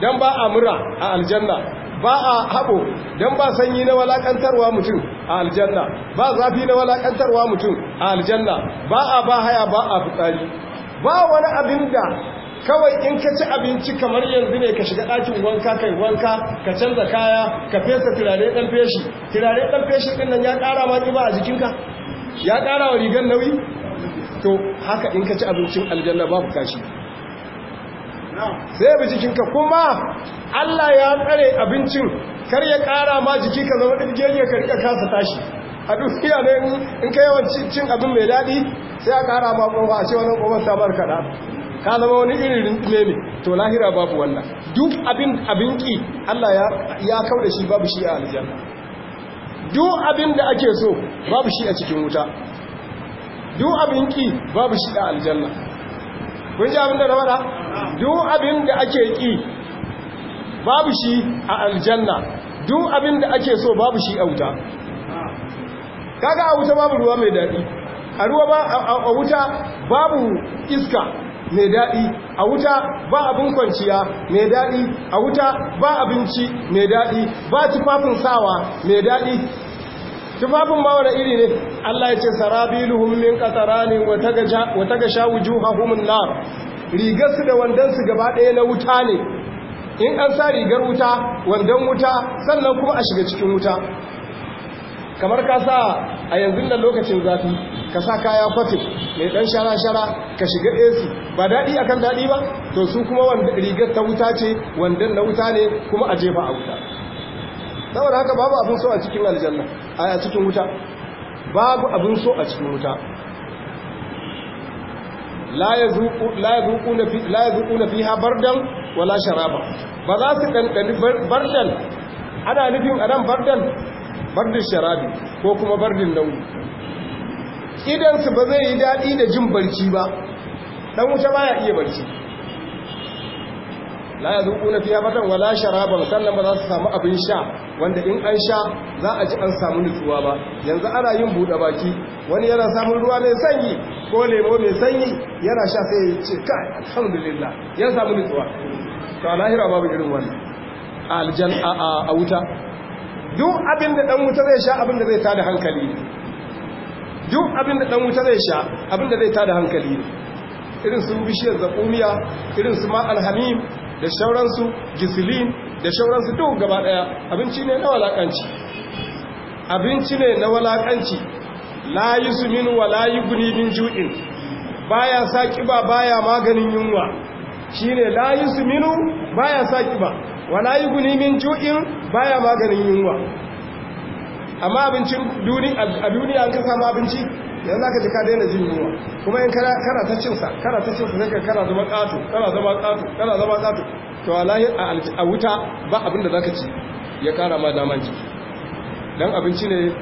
don ba a mura a aljanna ba a haɓo don ba sanyi na walaƙantarwa mutum a aljanna ba zafi na walaƙantarwa mutum a aljanna ba a ba haya ba a fitsari ba wani abin da kawai in ka ci abinci kamar yanzu ne ka shiga ɗakin wanka kai wanka ka canza kaya ka fesa turare ɗan feshi turare ɗan feshi ɗin nan ya ƙara ma ƙiba a jikinka ya ƙara wa rigar nauyi to haka in ka ci abincin aljanna babu kashi sai bi jikinka kuma Allah ya tsare abincin kar ya kara ma jiki ka zama ɗirgen ya karka kasa tashi a duniya ne in ka yawan cin abin mai daɗi sai a kara ma ƙofa a ce wannan ta samar kaɗa ka zama wani irin ne ne to lahira babu wannan duk abin abinki Allah ya kau da shi babu shi a aljanna duk abin da ake so babu shi a cikin wuta duk abin ki babu shi da aljanna kun ji abin da na fara duk abin da ake ki babu shi a aljanna duk abin da ake so babu shi a wuta kaga a wuta babu ruwa mai daɗi a ruwa ba a wuta babu iska mai daɗi a wuta ba abin kwanciya mai daɗi a wuta ba abinci mai daɗi ba tufafin sawa mai daɗi tufafin ba wani iri ne Allah ya ce sarabiluhum min qatarani wa tagaja wa tagasha wujuhahum nar rigarsu da wandansu gaba ɗaya na wuta ne in an sa rigar wuta wandan wuta sannan kuma a shiga cikin wuta kamar ka sa a yanzu nan lokacin zafi ka sa kaya kwatin mai ɗan shara-shara ka shiga AC ba daɗi akan daɗi ba to su kuma rigar ta wuta ce wandan na wuta ne kuma a jefa a wuta saboda haka babu abin so a cikin aljanna a cikin wuta babu abin so a cikin wuta la ya fi la fi fiha bardan wala sharaba ba za su ɗanɗani bardan ana nufin anan bardan bardin sharabi ko kuma bardin nauyi idan su ba zai yi daɗi da jin barci ba dan wuta baya iya barci la yazuquna fiha batan wala sharaban sannan ba za su samu abin sha wanda in an sha za a ji an samu nutsuwa ba yanzu ana yin buɗe baki wani yana samun ruwa mai sanyi ko lemo mai sanyi yana sha sai ya ce kai alhamdulillah ya samu nutsuwa to a lahira babu irin wannan a aljan a wuta duk abin da dan wuta zai sha abin da zai tada hankali duk abin da dan wuta zai sha abin da zai tada hankali irin su bishiyar zakumiya irin su ma alhamim da shauransu gisilin da shauransu duk gaba daya abinci ne na walakanci abinci ne na walakanci la yusmin wa la yughni min ju'in baya sa kiba baya maganin yunwa shine la yusminu baya sa kiba wa la yughni min ju'in baya maganin yunwa amma abincin duniya an ka samu abinci yanzu za ka ji ka daina jin yunwa kuma in kana ta cinsa kana ta cinsa sai kana zama ƙato kana zama ƙato kana zama ƙato to alahi a wuta ba abin da za ka ci ya ƙara ma daman jiki don abinci ne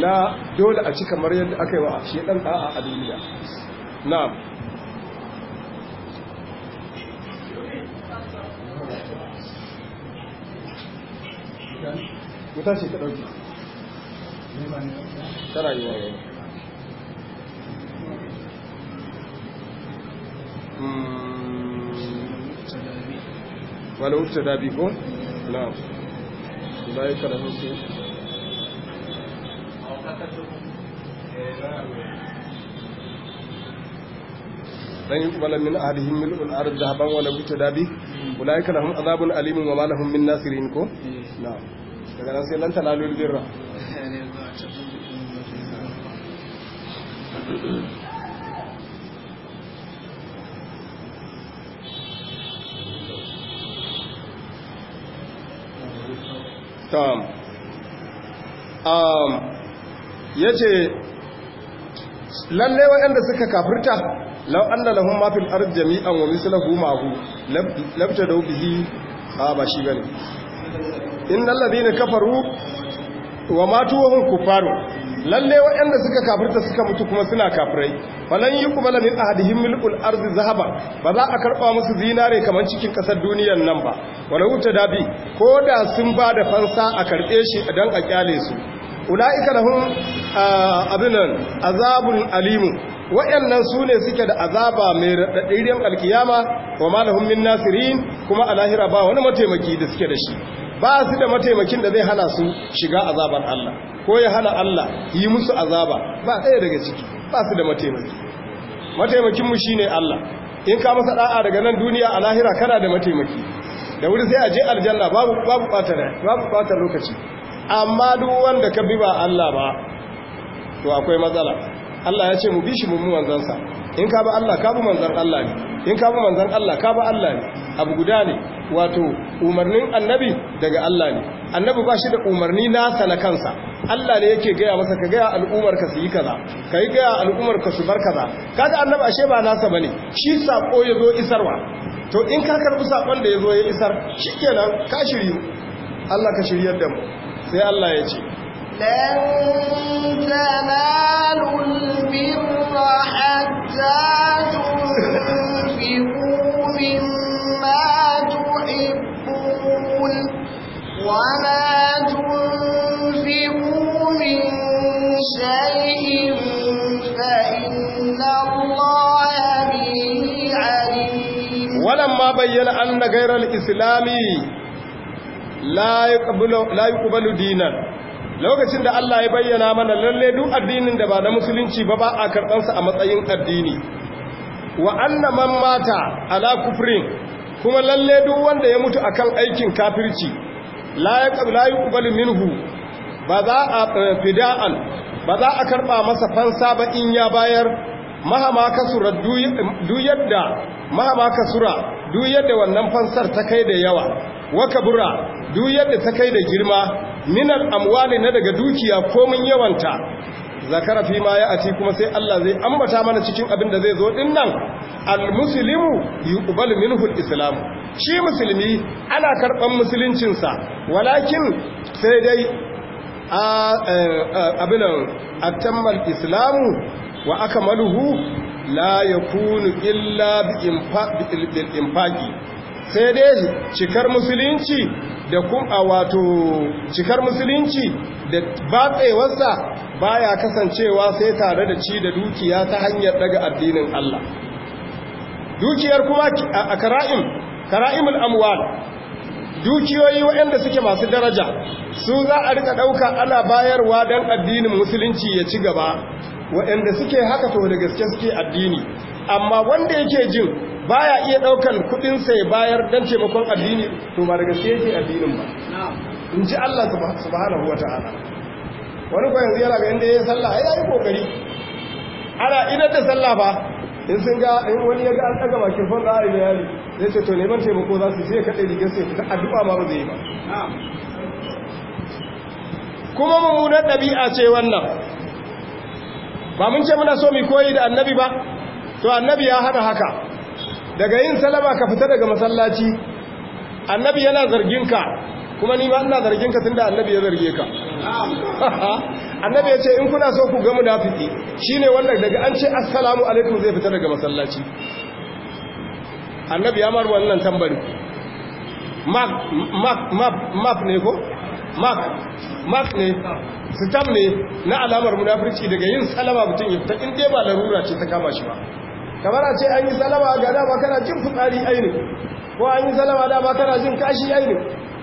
na dole a ci kamar yadda aka yi wa shi ɗan ɗa'a a duniya na wuta ce ɗauki yi wa yau wani wuce da bi ko? na za yi karamin su dan wala min ahlihim mil'ul ard dhahaban wala wuce da bi ulaika lahum adhabun alimun wa ma min nasirin ko na daga nan sai lan talalul birra Thank (laughs) Um, Yace lalle lallai waɗanda suka kafirta law an da lahun mafin arz jami'an wa mislahu hu labta da bihi ha ba shi bane in ladina kafaru wa hum kufaru lalle waɗanda suka kafirta suka mutu kuma suna kafirai falan yi kuma lamin hadihin milkul arzi zahaba ba za a karɓa musu zinare kamar cikin ƙasar duniyar nan ba wani wuta dabi ko da sun ba da fansa a karɓe shi don a kyale su ula'ika hun abinan azabun alimu waɗannan su ne suke da azaba mai raɗaɗɗiriyar alkiyama wa malahun min nasirin kuma a lahira ba wani mataimaki da suke da shi ba su da mataimakin da zai hana su shiga azabar Allah ko ya hana Allah yi musu azaba ba ɗaya daga ciki ba su da mataimaki mataimakinmu shi ne Allah in ka masa ɗa'a daga nan duniya a lahira kana da mataimaki da wuri sai a je aljanna babu ɓatar lokaci amma duk wanda ka bi ba Allah ba to akwai matsala Allah ya ce mu bi shi mummu wanzansa. in ka bi Allah ka bi manzan Allah ne in ka bi manzan Allah ka bi Allah ne abu guda ne wato umarnin annabi daga Allah ne annabi ba shi da umarni nasa na kansa Allah ne yake gaya masa ka gaya al'umar ka su yi kaza ka yi gaya al'umar ka su bar kaza kaga annabi ashe ba nasa bane shi sako ya zo isarwa to in ka karbi sakon da ya zo ya isar shikenan ka shiryu Allah ka shiryar da mu sai Allah ya ce لن تنالوا البر حتى bayyana islami la lokacin da Allah ya bayyana mana lalle duk addinin da ba na musulunci ba ba a karban sa a matsayin addini wa annaman mata ala kufrin kuma lalle duk wanda ya mutu akan aikin kafirci Layi yaqbalu minhu ba za a fida'an ba za a karɓa masa fansa ba in ya bayar mahama kasura duyadda mahama kasura duk yadda wannan fansar ta kai da yawa wa bura duk yadda ta kai da girma minal amwali na daga dukiya komin yawanta zakara fi ma ya ati kuma sai Allah zai ambata mana cikin abin da zai zo din nan almuslimu yuqbalu minhu islam. shi musulmi ana karban musuluncin sa walakin sai dai a eh, eh, abinan atammal islamu wa akmaluhu la yakunu illa bil sai dai cikar musulunci da kuma wato cikar musulunci da batsewarsa baya kasancewa sai tare da ci da dukiya ta hanyar daga addinin Allah dukiyar kuma a kara'im kara'im amwal dukiyoyi waɗanda suke masu daraja su za a rika ɗauka ana bayarwa don addinin musulunci ya ci gaba waɗanda suke haka to da gaske suke addini amma wanda yake jin baya iya ɗaukan kuɗin sai bayar don taimakon addini to ba da gaske yake addinin ba in ji Allah subhanahu wa ta'ala wani ko yanzu yana ga inda ya yi sallah ya yi kokari ana idar da sallah ba in sun ga in wani ya ga an ɗaga bakin fon da ayi bayani zai ce to neman taimako za su sai kaɗai rigar sai ta addu'a ma ba zai yi ba kuma mummunar ɗabi'a ce wannan ba mun ce muna so mu koyi da annabi ba to annabi ya hada haka daga yin salama ka fita daga masallaci annabi yana zargin ka kuma ni ma ina zargin ka tunda annabi ya zarge ka (laughs) annabi ya ce in kuna so ku ga munafiki shine wanda daga an ce assalamu alaikum zai fita daga masallaci annabi ya mar wannan tambari mak mak map ne ko map map ne sitam ne na alamar munafurci daga yin salama mutum ya fita in dai ba larura ce ta kama shi ba kamar a ce an yi salama ga dama kana jin fitsari aini ko an yi salama dama kana jin kashi aini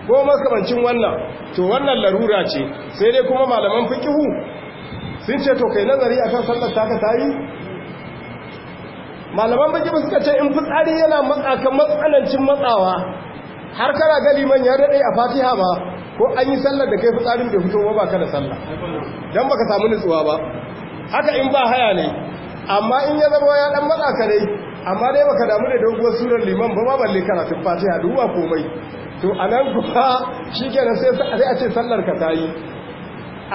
ko makamancin wannan to wannan larura ce sai dai kuma malaman fikihu sun ce to kai nazari akan sallar taka yi malaman baki ba suka ce in fitsari yana kan matsanancin matsawa har kana gari manya ya a fatiha ba ko an yi sallar da kai fitsarin bai fito ba ka da sallar don ba ka samu nutsuwa ba haka in ba haya ne amma in ya zama ya dan matsa ka dai amma dai baka damu da doguwar surar liman ba ba balle karatun fatiha duwa komai to a nan kuma shikenan sai sai a ce sallar ka tayi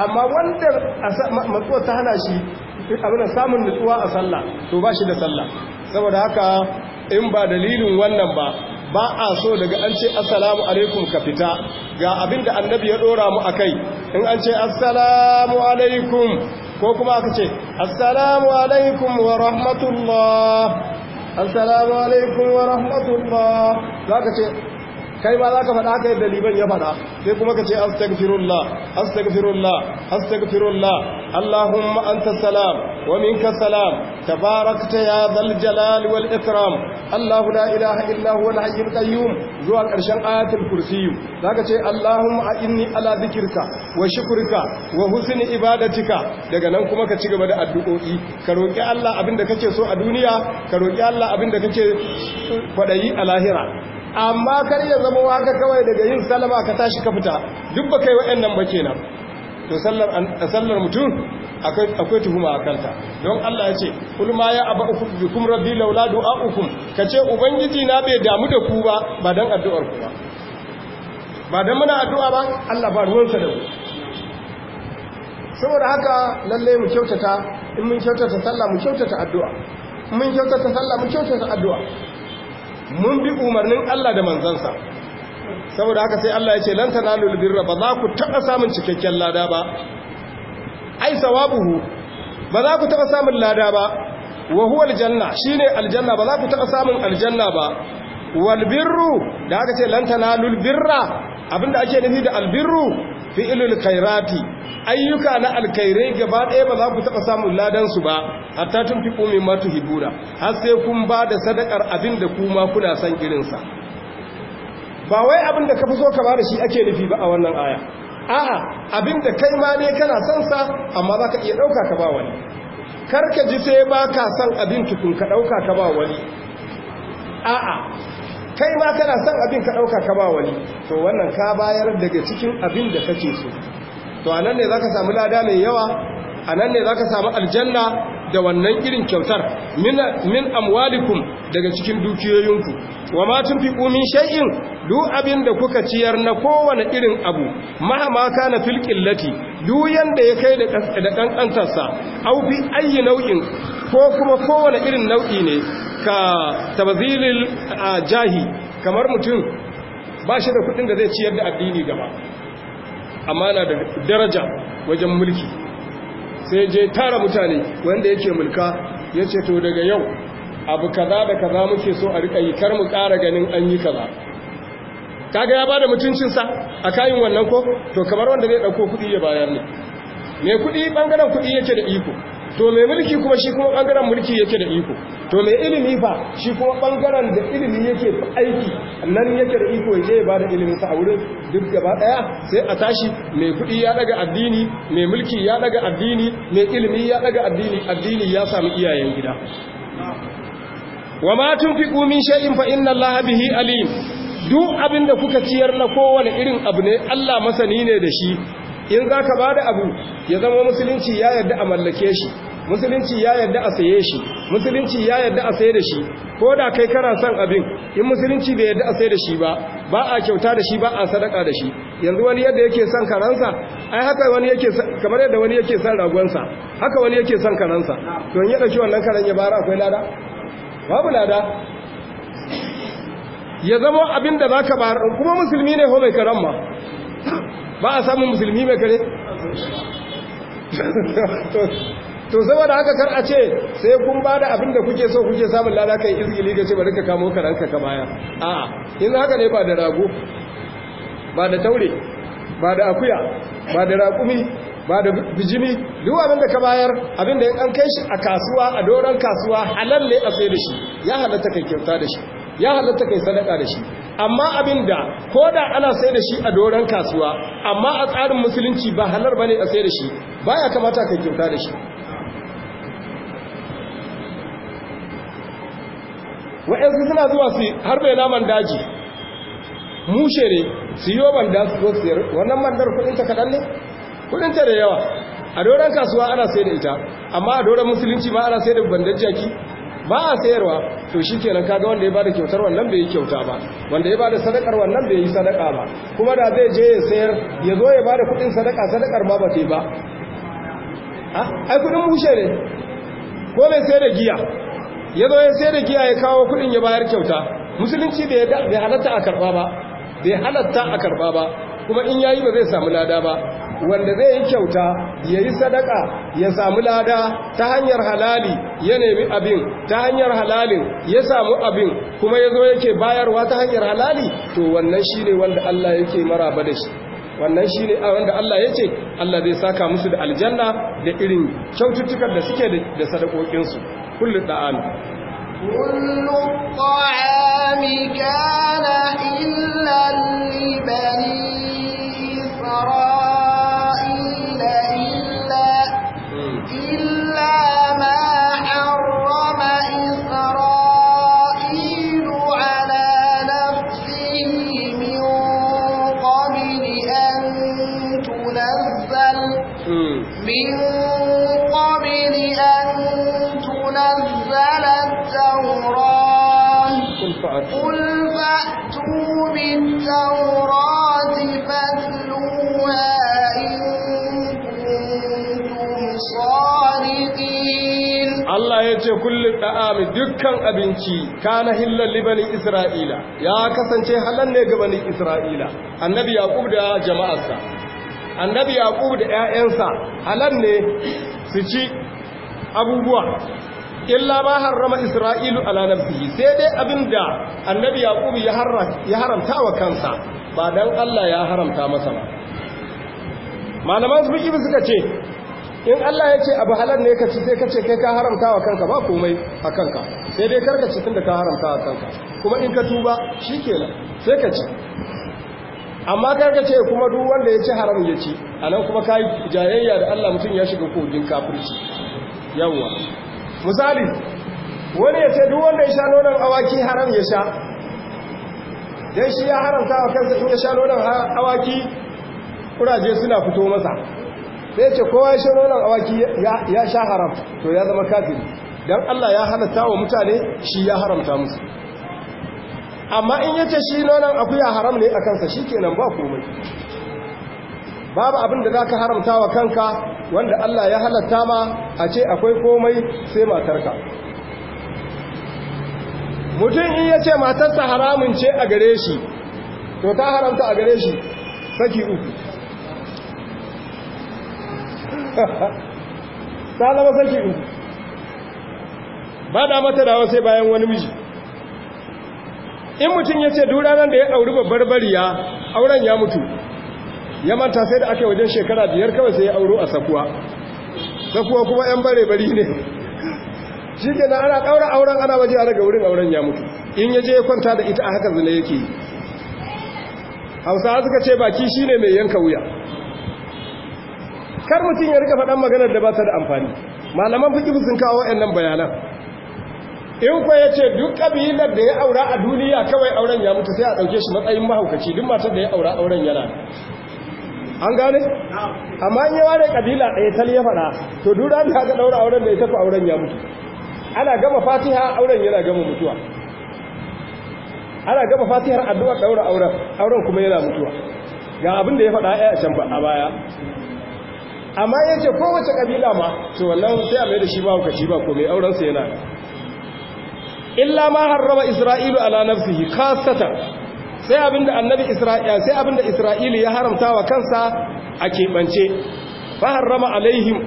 amma wanda matsuwa ta hana shi abin samun nutsuwa a sallah to ba shi da sallah saboda haka in ba dalilin wannan ba ba a so daga an ce assalamu alaikum ka fita ga abinda annabi ya dora mu akai in an ce assalamu alaikum ko kuma aka ce assalamu alaikum wa rahmatullah assalamu alaikum wa rahmatullah zaka ce kai ma za ka faɗa kai yadda liban ya faɗa sai kuma ka ce astagfirullah astagfirullah astagfirullah allahumma anta salam wa minka salam tabarakta ya zal jalal wal ikram allah la ilaha illa huwa al qayyum zuwa ƙarshen ayatul kursi za ka ce allahumma inni ala dhikrika wa shukrika wa husni ibadatika daga nan kuma ka ci gaba da addu'o'i ka roƙi Allah abin da kake so a duniya ka roki Allah abin da kake kwaɗayi a lahira amma kar ya zama waka kawai daga yin salama ka tashi ka fita duk ba kai wa'annan ba kenan to sallar sallar mutum akwai akwai tuhuma a kanta don Allah ya ce kul ma ya aba bikum rabbi laula du'aukum kace ubangiji na bai damu da ku ba ba dan addu'ar ku ba ba dan muna addu'a ba Allah ba ruwansa da mu saboda haka lalle mu kyautata in mun kyautata sallah mu kyautata addu'a mun kyautata sallah mu kyautata addu'a mun bi umarnin Allah da manzansa saboda haka sai Allah ya ce lan tanalu ba za ku taba samun cikakken lada ba ai sawabuhu ba za ku taba samun lada ba wa huwa aljanna shine aljanna ba za ku taba samun aljanna ba wal birru da haka ce lan tanalu birra abinda ake nufi da albirru fi'ilul khairati ayyuka na alkhairai gaba ɗaya ba za ku taɓa samun ladan su ba hatta tun fi ƙomi matu hibura har sai kun ba da sadakar abin da kuma kuna son irinsa ba wai abin da ka fi so ka ba da shi ake nufi ba a wannan aya a'a abin da kai ma ne kana son sa amma za ka iya ɗauka ka ba wani karka ji sai ba ka son abin tukun ka ɗauka ka ba wani a'a kai ma kana son abin ka ɗauka ka ba wani to wannan ka bayar daga cikin abin da kake so to a nan ne za ka samu lada mai yawa a nan ne za ka samu aljanna da wannan irin kyautar min amwalikum daga cikin dukiyoyinku wa ma tunfiqu min shay'in duk abin da kuka ciyar na kowane irin abu mahama kana fil qillati duk yanda ya kai da ɗanɗantarsa kankantarsa au fi ayi nau'in ko kuma kowane irin nau'i ne ka tabazilil jahi kamar mutum ba shi da kudin da zai ciyar da addini gaba amma na da daraja wajen mulki sai je tara mutane wanda yake mulka ya ce to daga yau abu kaza da kaza muke so a rika yi kar mu kara ganin an yi kaza kaga ya bada mutuncinsa a kayan wannan ko to kamar wanda zai dauko kudi ya bayar ne me kudi bangaren kudi yake da iko to mai mulki kuma shi kuma bangaren mulki yake da iko to mai ilimi fa shi kuma bangaren da ilimi yake aiki nan yake da iko yake ya da ilimin sa a wurin duk gaba daya sai a tashi mai kudi ya daga addini mai mulki ya daga addini mai ilimi ya daga addini addini ya sami iyayen gida wa ma tunfiqu min shay'in fa inna allaha bihi alim duk abin da kuka ciyar na kowane irin abu ne Allah masani ne da shi in za ka ba da abu ya zama musulunci ya yadda a mallake shi musulunci ya yadda a saye shi musulunci ya yadda a saye da shi ko da kai kana son abin in musulunci bai yadda a saye da shi ba ba a kyauta da shi ba a sadaka da shi yanzu wani yadda yake son karansa ai haka wani yake kamar yadda wani yake son ragonsa haka wani yake son karansa to in ya dauki wannan karan ya bara akwai lada babu lada ya zama abin da zaka bayar kuma musulmi ne ho mai karamma ba a samun musulmi mai kare to da haka kar a ce sai kun ba da abin da kuke so kuke samun lada kai izgili ga ce bari ka kamo karanka ka baya a'a in haka ne ba da rago ba da taure ba da akuya ba da raƙumi ba da bijimi duk abin ka bayar abin da an kai shi a kasuwa a doron kasuwa halal ne a sai da shi ya halatta kai kyauta da shi ya halatta kai sadaka da shi amma abin da ko da ana sai da shi a doron kasuwa amma a tsarin musulunci ba halar bane a sai da shi ya kamata ka kyauta da shi wa'yansu suna zuwa su harbe naman daji mu shere su yi banda su zo siyar wannan mandar kudinta kaɗan ne kudinta da yawa a doron kasuwa ana sai da ita amma a doron musulunci ma ana sai da bandar jaki ba a sayarwa to shi kenan kaga wanda ya bada kyautar wannan bai yi kyauta ba wanda ya bada sadakar wannan bai yi sadaka ba kuma da zai je ya sayar ya zo ya bada kudin sadaka sadakar ma ba ta ba ai kudin mushe ne ko bai sayar da giya ya zo ya sayar da giya ya kawo kudin ya bayar kyauta musulunci bai halatta a karba ba bai halatta a karba ba kuma in yayi ba zai samu lada ba wanda zai yi kyauta ya yi sadaka ya samu lada ta hanyar halali ya nemi abin ta hanyar halalin ya samu abin kuma ya zo yake bayarwa ta hanyar halali to wannan shi ne wanda Allah yake maraba da shi wannan shi ne wanda Allah ya ce Allah zai saka musu da aljanna da irin kyaututtukar da suke da sadakokinsu kullu da'an كل الطعام كان إلا لبني إسرائيل dukkan abinci kana hillal libanin isra'ila ya kasance halal ne ga bani isra'ila annabi yaqub da jama'arsa annabi yaqub da ƴaƴansa halal ne su ci abubuwa illa ba harrama isra'ilu ala nafsihi sai dai abinda annabi yaqub ya haramta wa kansa ba dan Allah ya haramta masa ba malaman su suka ce in Allah ya ce abu halal ne ka ci sai ka ce kai ka haramta wa kanka ba komai a kanka sai dai karka ci tunda ka haramta wa kanka kuma in ka tuba shi kenan sai ka ci amma karka ce kuma duk wanda ya ci haram ya ci a nan kuma ka yi jayayya da Allah mutum ya shiga kogin kafirci yawwa misali wani ya ce duk wanda ya sha nonon awaki haram ya sha dan shi ya haramta wa kansa in ya sha nonon awaki kuraje suna fito masa sai ce kowa ya shan awaki ya sha haram to ya zama kafiri don Allah ya halatta wa mutane shi ya haramta musu amma in yace shi nonon akuya haram ne a kansa shi kenan ba komai babu abin da za ka haramta wa kanka wanda Allah ya halatta ma a ce akwai komai sai matarka mutum in yace matarsa haramun ce a gare shi to ta haramta a gare shi saki uku (laughs) ta zama saki uku ba da mata dawa sai bayan wani miji in mutum ya ce duranar da ya auri babbar bariya auren ya mutu ya manta sai da ake wajen shekara biyar kawai sai ya auro a sakuwa sakuwa kuma 'yan bare-bari ne (laughs) shi ke na ana ɗaura auren ana waje a ga wurin auren ya mutu in ya je ya kwanta da ita a haka zina yake hausawa suka ce baki shine mai yanka wuya kar mutum ya rika faɗan maganar da ba ta da amfani malaman ƙibu sun kawo waɗannan bayanan in kwa ya ce duk ƙabilar da ya aura a duniya kawai auren ya mutu sai a ɗauke shi matsayin mahaukaci duk matar da ya aura auren yana an gane? amma in yawa da ƙabila ɗaya tal ya faɗa to dura da haka ɗaura auren da ya tafi auren ya mutu ana gama fatiha auren yana gama mutuwa ana gama fatihar addu'a ɗaura auren auren kuma yana mutuwa ga abin da ya faɗa a can ba a baya amma ya ce kowace kabila ma to wallahu sai a mai da shi ba shi ba ko mai aurensa yana illa ma harrama isra'ilu ala nafsihi khasatan sai abinda annabi isra'ila sai abinda isra'ilu ya haramta wa kansa a kebance fa harrama alaihim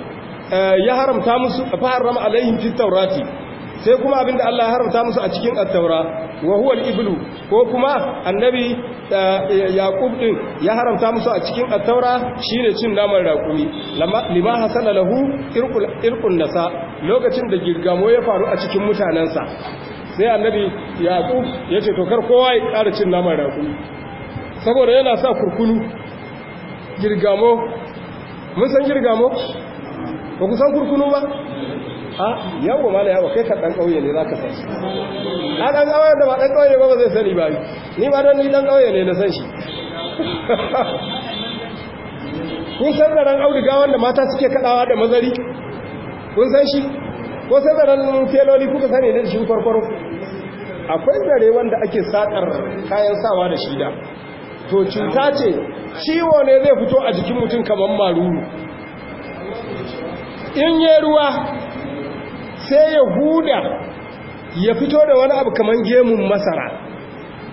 eh, ya haramta musu fa harrama alaihim fit tawrati sai kuma abinda Allah ya haramta musu a cikin Attaura, wa huwa al-iblu ko kuma annabi eh, yaqub din ya haramta musu a cikin Attaura shine cin naman raƙumi lima hasala lahu irqul irqun nasa lokacin da girgamo ya faru a cikin mutanansa sai annabi yaqub yace to kar kowa ya ƙara cin naman raƙumi saboda yana sa kurkunu girgamo mun san girgamo ba ku san kurkunu ba yawon yawo mala yawon kai kaɗan dan kauye ne ka san shi a dan kauye da ba dan kauye ba ba zai sani ba ni ba don ni dan kauye ne na san shi (laughs) kun san zaren auduga wanda mata suke kaɗawa da mazari kun san shi ko san zaren teloli kuka sani da shi kwarkwaro akwai zare wanda ake saƙar kayan sawa da shida to cuta ce ciwo ne zai fito a jikin mutum kamar maruru in yi ruwa sai ya huda ya fito da wani abu kamar gemun masara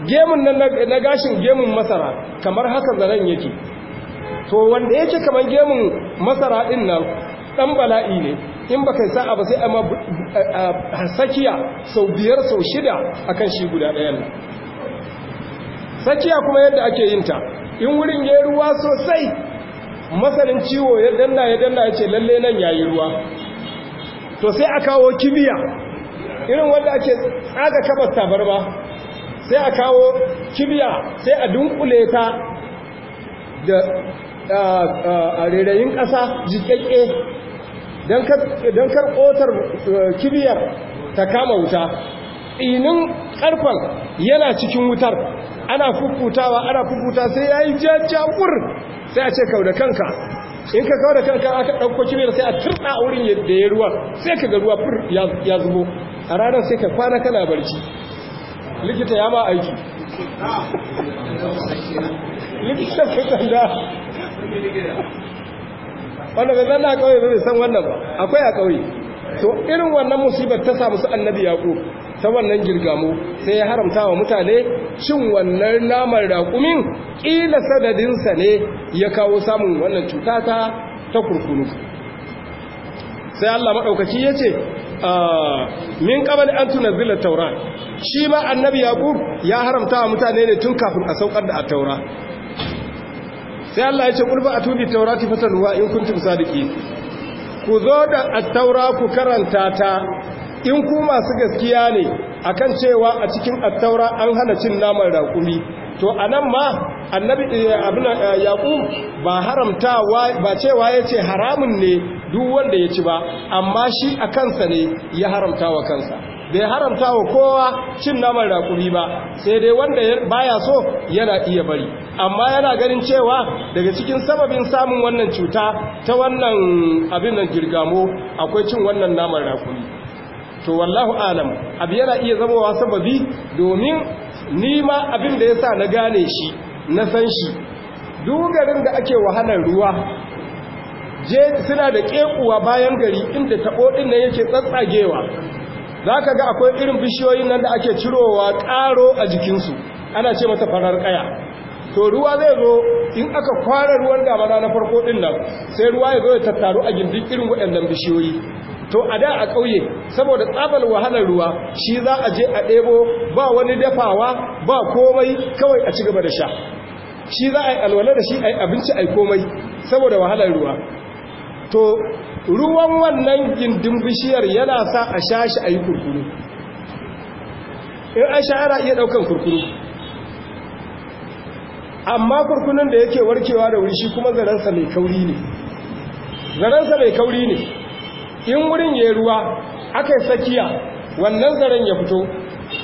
gemun nan na gashin gemun masara kamar haka zaren yake to wanda yake kamar gemun masara din nan dan bala'i ne in kai sa'a ba sai amma sakiya sau biyar sau shida akan shi guda ɗayan nan sakiya kuma yadda ake yin ta in wurin yi ruwa sosai masanin ciwo ya danna ya danna ya ce lalle nan ya yi ruwa to sai a kawo kibiya irin wanda ake tsaga tabar ba sai a kawo kibiya sai a dunkule ta da a rerayin ƙasa jikakke don kar kotar eh, kibiyar ta kama wuta inin ƙarfan yana cikin wutar ana fukutawa ana fukuta sai ya yi jajjawur sai a ce kau da kanka in ka kawo da kanka aka ɗauko cibiyar sai a turɓa a wurin da ya ruwa sai ka ga ruwa fur ya zubo a ranar sai ka kwana kana barci likita ya ma aiki likita ka sanda wanda bai zanna a ƙauye bai san wannan ba akwai a ƙauye to irin wannan musibar ta samu su annabi yaƙo ta wannan girgamo sai ya haramta wa mutane cin wannan naman raƙumin ƙila sadadinsa ne ya kawo samun wannan cuta ta ta kurkunu sai Allah maɗaukaci ya ce ah, min ƙabali an tuna zilar taura shi ma annabi yaƙub ya haramta wa mutane ne tun kafin a saukar da a taura sai Allah ya ce ƙulba a taura tubi taurati ruwa in kun kuntum sadiki ku zo da a taura ku karanta ta in ku masu gaskiya ne akan cewa a cikin attaura an hana cin naman raƙumi to anan ma annabi eh, abin eh, yaqub ba haramtawa ba cewa yace haramun ne duk wanda ya ci ba amma shi a kansa ne ya haramta wa kansa bai haramta wa kowa cin naman raƙumi ba sai dai wanda baya so yana iya bari amma yana ganin cewa daga cikin sababin samun wannan cuta ta wannan abin nan girgamo akwai cin wannan naman raƙumi to wallahu alam abu yana iya zamowa sababi domin nima abin da ya sa na gane shi na san shi dogarin da ake wahalar ruwa je suna da ƙeƙuwa bayan gari inda taɓoɗin da yake tsatsagewa za ka ga akwai irin bishiyoyin nan da ake cirowa ƙaro a jikinsu ana ce mata farar ƙaya to ruwa zai zo in aka kwara ruwan damana na farko ɗin nan sai ruwa ya zo ya tattaru a gindin irin waɗannan bishiyoyi to a da a ƙauye saboda tsabar wahalar ruwa shi za a je a ɗebo ba wani dafawa ba komai kawai a ci gaba da sha shi za a yi alwala da shi a yi abinci a yi komai saboda wahalar ruwa to ruwan wannan gindin bishiyar yana sa a sha shi a yi kurkuru in an sha ana iya ɗaukan kurkuru amma kurkunan da yake warkewa da wuri shi kuma zaransa zaransa mai kauri ne in wurin ya ruwa aka yi tsakiya wannan zaren ya fito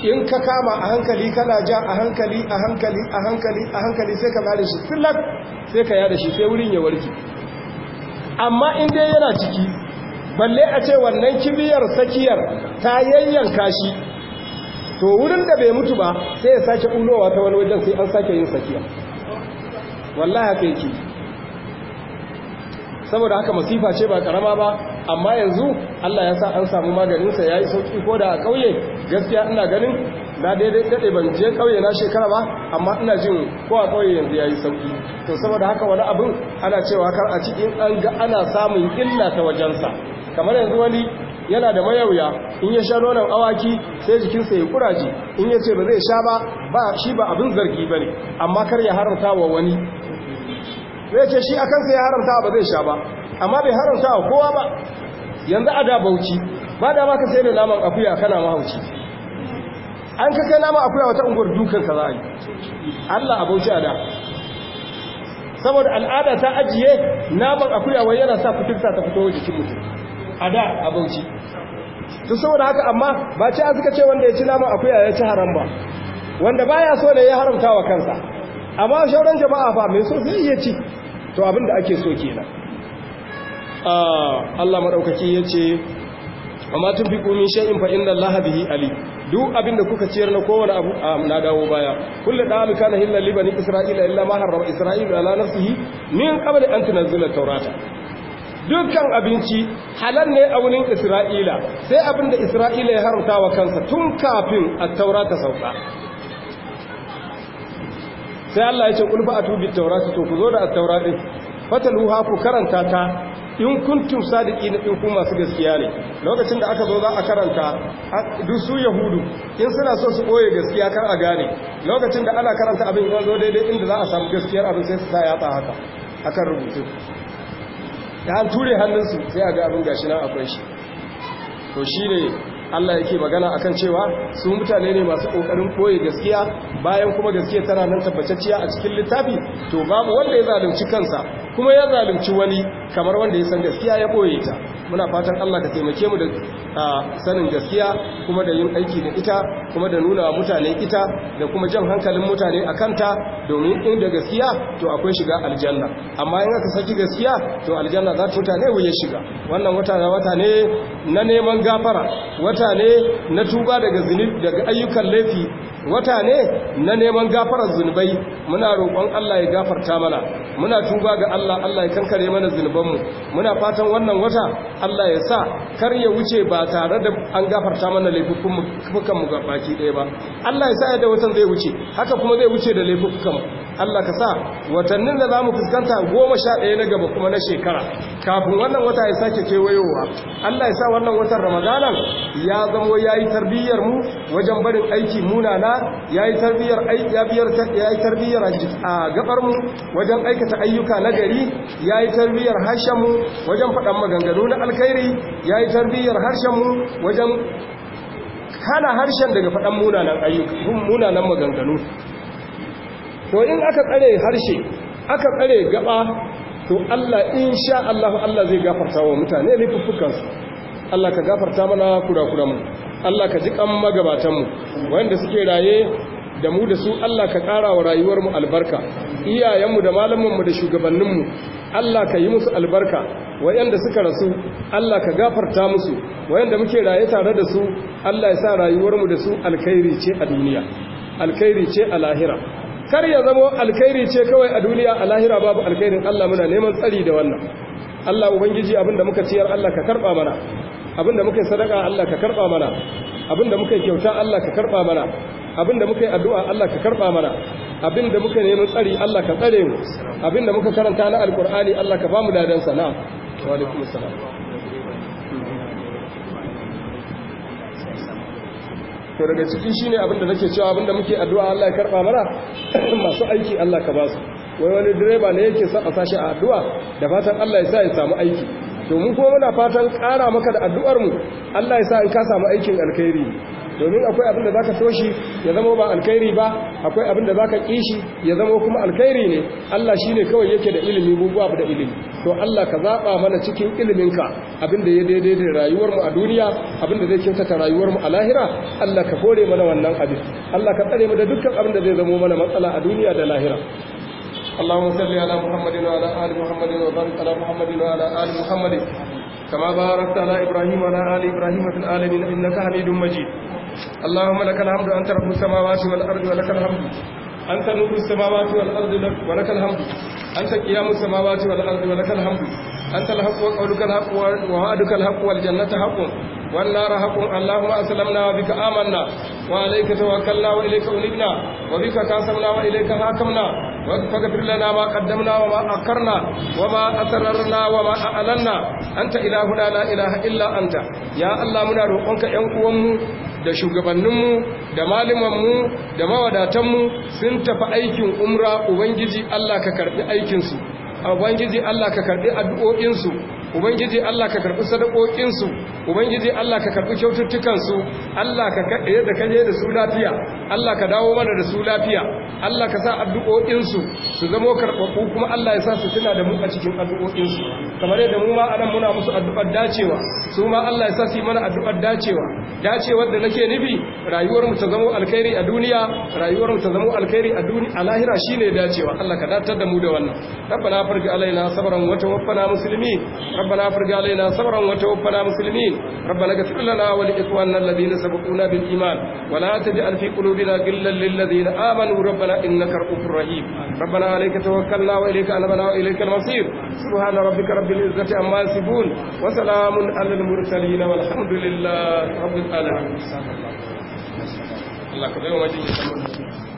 in ka kama a hankali kana ja a hankali a hankali a hankali a hankali sai ka bada shi filak sai ka yada shi sai wurin ya warke amma in dai yana ciki balle a ce wannan kibiyar tsakiyar ta yayyanka shi to wurin da bai mutu ba sai ya sake ulowa ta wani wajen sai an sake yin sakiya. wallahi haka yake saboda haka masifa ce ba karama ba amma yanzu Allah ya sa an samu maganinsa ya yi sauki ko da a ƙauye gaskiya ina ganin na daidai daɗe ban je ƙauye na shekara ba amma ina jin ko a ƙauye yanzu ya yi sauƙi to saboda haka wani abin ana cewa kar a cikin an ga ana samun illa ta wajensa kamar yanzu wani yana da mayauya in ya sha nonon awaki sai jikinsa ya kuraje in ya ce ba zai sha ba ba shi ba abin zargi ba ne amma kar ya haramta wa wani zai ce shi a kansa ya haramta ba zai sha ba amma bai haramta wa kowa ba yanzu a da bauchi ba da ma ka sai da naman akuya kana mahauci an ka sai naman akuya wata unguwar dukan ka za a yi allah a bauchi a da saboda al'ada ta ajiye naman akuya wai yana sa fitilta ta fito wajen cikin a da a bauchi su saboda haka amma ba ce a suka ce wanda ya ci naman akuya ya ci haram ba wanda baya so ne ya haramta wa kansa amma shauran jama'a ba mai so zai iya ci to abin da ake so kenan Ah, Allah madaukaki yace amma tun fi komi shay'in fa inna Allah bihi ali duk abinda kuka ciyar na kowane abu ah, na dawo baya kullu da amka na hillal li bani isra'ila illa ma harrama isra'ilu ala nafsihi min qabli an tunzila tawrata dukkan abinci halal ne a wurin isra'ila sai abinda isra'ila ya haramta wa kansa tun kafin at-taurata sauka sai Allah ya ce ƙulfa a atu bit to ku zo da at-taurati fataluha ku karanta ta in kuntum na in kun masu gaskiya ne lokacin da aka zo za a karanta duk su yahudu in suna so su boye gaskiya kar a gane lokacin da ana karanta abin in zo daidai inda za a samu gaskiyar abin sai su sa yatsa haka akan rubutu da an ture hannunsu sai a ga abin gashi nan akwai shi to shi ne Allah yake magana akan cewa su mutane ne masu kokarin koye gaskiya bayan kuma gaskiya tana nan tabbatacciya a cikin littafi to babu wanda ya zalunci kansa kuma ya zalunci wani kamar wanda ya san gaskiya ya boye ta muna fatan Allah ka taimake mu da sanin gaskiya kuma da yin aiki da ita kuma da nuna wa mutane ita da kuma jan hankalin mutane a kanta domin inda gaskiya to akwai shiga aljanna amma in aka saki gaskiya to aljanna za ta ne wuya shiga wannan wata na wata ne na neman gafara wata ne na tuba daga zinubi daga ayyukan laifi wata ne na neman gafarar zunubai muna roƙon Allah ya gafarta mana muna tuba ga Allah Allah ya kankare mana zunubanmu muna fatan wannan wata Allah ya sa kar ya wuce ba tare da an gafarta mana laifukan mu baki ɗaya ba Allah ya sa yadda watan zai wuce haka kuma zai wuce da laifukan Allah ka sa watannin da za mu fuskanta goma sha ɗaya na gaba kuma na shekara kafin wannan wata ya sake kewayowa Allah ya sa wannan watan ramadanan ya zamo ya yi tarbiyyar mu wajen barin aiki munana tarbiyyar aiki ya biyar yayi tarbiyyar a gabar mu wajen aikata ayyuka na gari yi tarbiyyar harshen mu wajen faɗan maganganu na alkhairi ya yi tarbiyyar harshen mu wajen hana harshen daga faɗan munanan ayyuka munanan maganganu to in aka tsare harshe aka tsare gaba to Allah insha Allah Allah zai gafarta wa mutane laifukansu Allah ka gafarta mana kura mu Allah ka ji kan magabatanmu wanda suke raye da mu da su Allah ka ƙara wa rayuwarmu albarka iyayenmu da malamanmu da shugabanninmu Allah ka yi musu albarka wayanda suka rasu Allah ka gafarta musu wayanda muke raye tare da su Allah ya sa rayuwarmu da su alkhairi ce a duniya alkhairi ce a lahira kar ya zama alkhairi ce kawai a duniya a lahira babu alkhairin Allah muna neman tsari da wannan Allah ubangiji abinda muka ciyar Allah ka karba mana abinda muka sadaka Allah ka karba mana abinda muka kyauta Allah ka karba mana abinda muka yi addu'a Allah ka karba mana abinda muka neman tsari Allah ka tsare mu abinda muka karanta na alkur'ani Allah ka bamu dadan sana wa alaikumus salam to daga ciki shine abinda nake cewa abinda muke addu'a Allah ya karba mana (coughs) masu aiki Allah ka ba su wai wani direba ne yake sa a sashi a addu'a da fatan Allah ya sa ya samu aiki to mu kuma muna fatan ƙara maka da addu'ar mu Allah ya sa in ka samu aikin alkhairi domin akwai abin da zaka so shi ya zama ba alkhairi ba akwai abin da zaka ki shi ya zama kuma alkhairi ne Allah shi ne kawai yake da ilimi guguwa da ilimi to Allah ka zaɓa mana cikin iliminka abin da ya daidai da rayuwarmu a duniya abin da zai kyautata rayuwarmu a lahira Allah ka kore mana wannan abin Allah ka tsare mu da dukkan abin da zai zama mana matsala a duniya da lahira اللهم صل على محمد وعلى ال محمد وبارك على محمد وعلى ال محمد كما باركت على ابراهيم وعلى ال ابراهيم في العالمين انك حميد مجيد اللهم لك الحمد أنت رب السماوات والأرض ولك الحمد أنت نور السماوات والأرض ولك الحمد أنت قيام السماوات والأرض ولك الحمد أنت الحق وقولك الحق ووعدك الحق والجنة حق والنار حق اللهم أسلمنا وبك آمنا وعليك توكلنا وإليك أنبنا وبك كاسمنا وإليك حاكمنا فاغفر لنا ما قدمنا وما أكرنا وما أسررنا وما أعلنا أنت إلهنا لا إله إلا أنت يا الله منا روحك ينقوم da shugabanninmu da malumanmu da mawadatanmu sun tafi aikin umra ubangiji Allah ka karbi aikinsu ubangiji Allah ka karbi addu'o'insu ubangiji Allah ka karbi sadakokinsu ubangiji Allah ka karbi kyaututtukansu Allah ka kaɗe da kaje da su lafiya Allah ka dawo mana da su lafiya Allah ka sa addu'o'insu su zamo karɓaɓɓu kuma Allah ya sa su tuna da mu a cikin addu'o'insu kamar yadda mu ma anan muna musu addu'ar dacewa su ma Allah ya sa su yi mana addu'ar dacewa dacewar da nake nufi rayuwar mu ta zamo alkhairi a duniya rayuwar mu ta zamo alkhairi a duniya a lahira shine dacewa Allah ka datar da mu da wannan rabbana farji alaina sabran wa tawaffana musulmi. ربنا افرج علينا صبرا وتوفنا مسلمين ربنا اغفر لنا ولاخواننا الذين سبقونا بالايمان ولا تجعل في قلوبنا غلا للذين امنوا ربنا انك رؤوف رحيم ربنا عليك توكلنا واليك انبنا واليك المصير سبحان ربك رب العزه عما يصفون وسلام على المرسلين والحمد لله رب العالمين الله كبير وجهك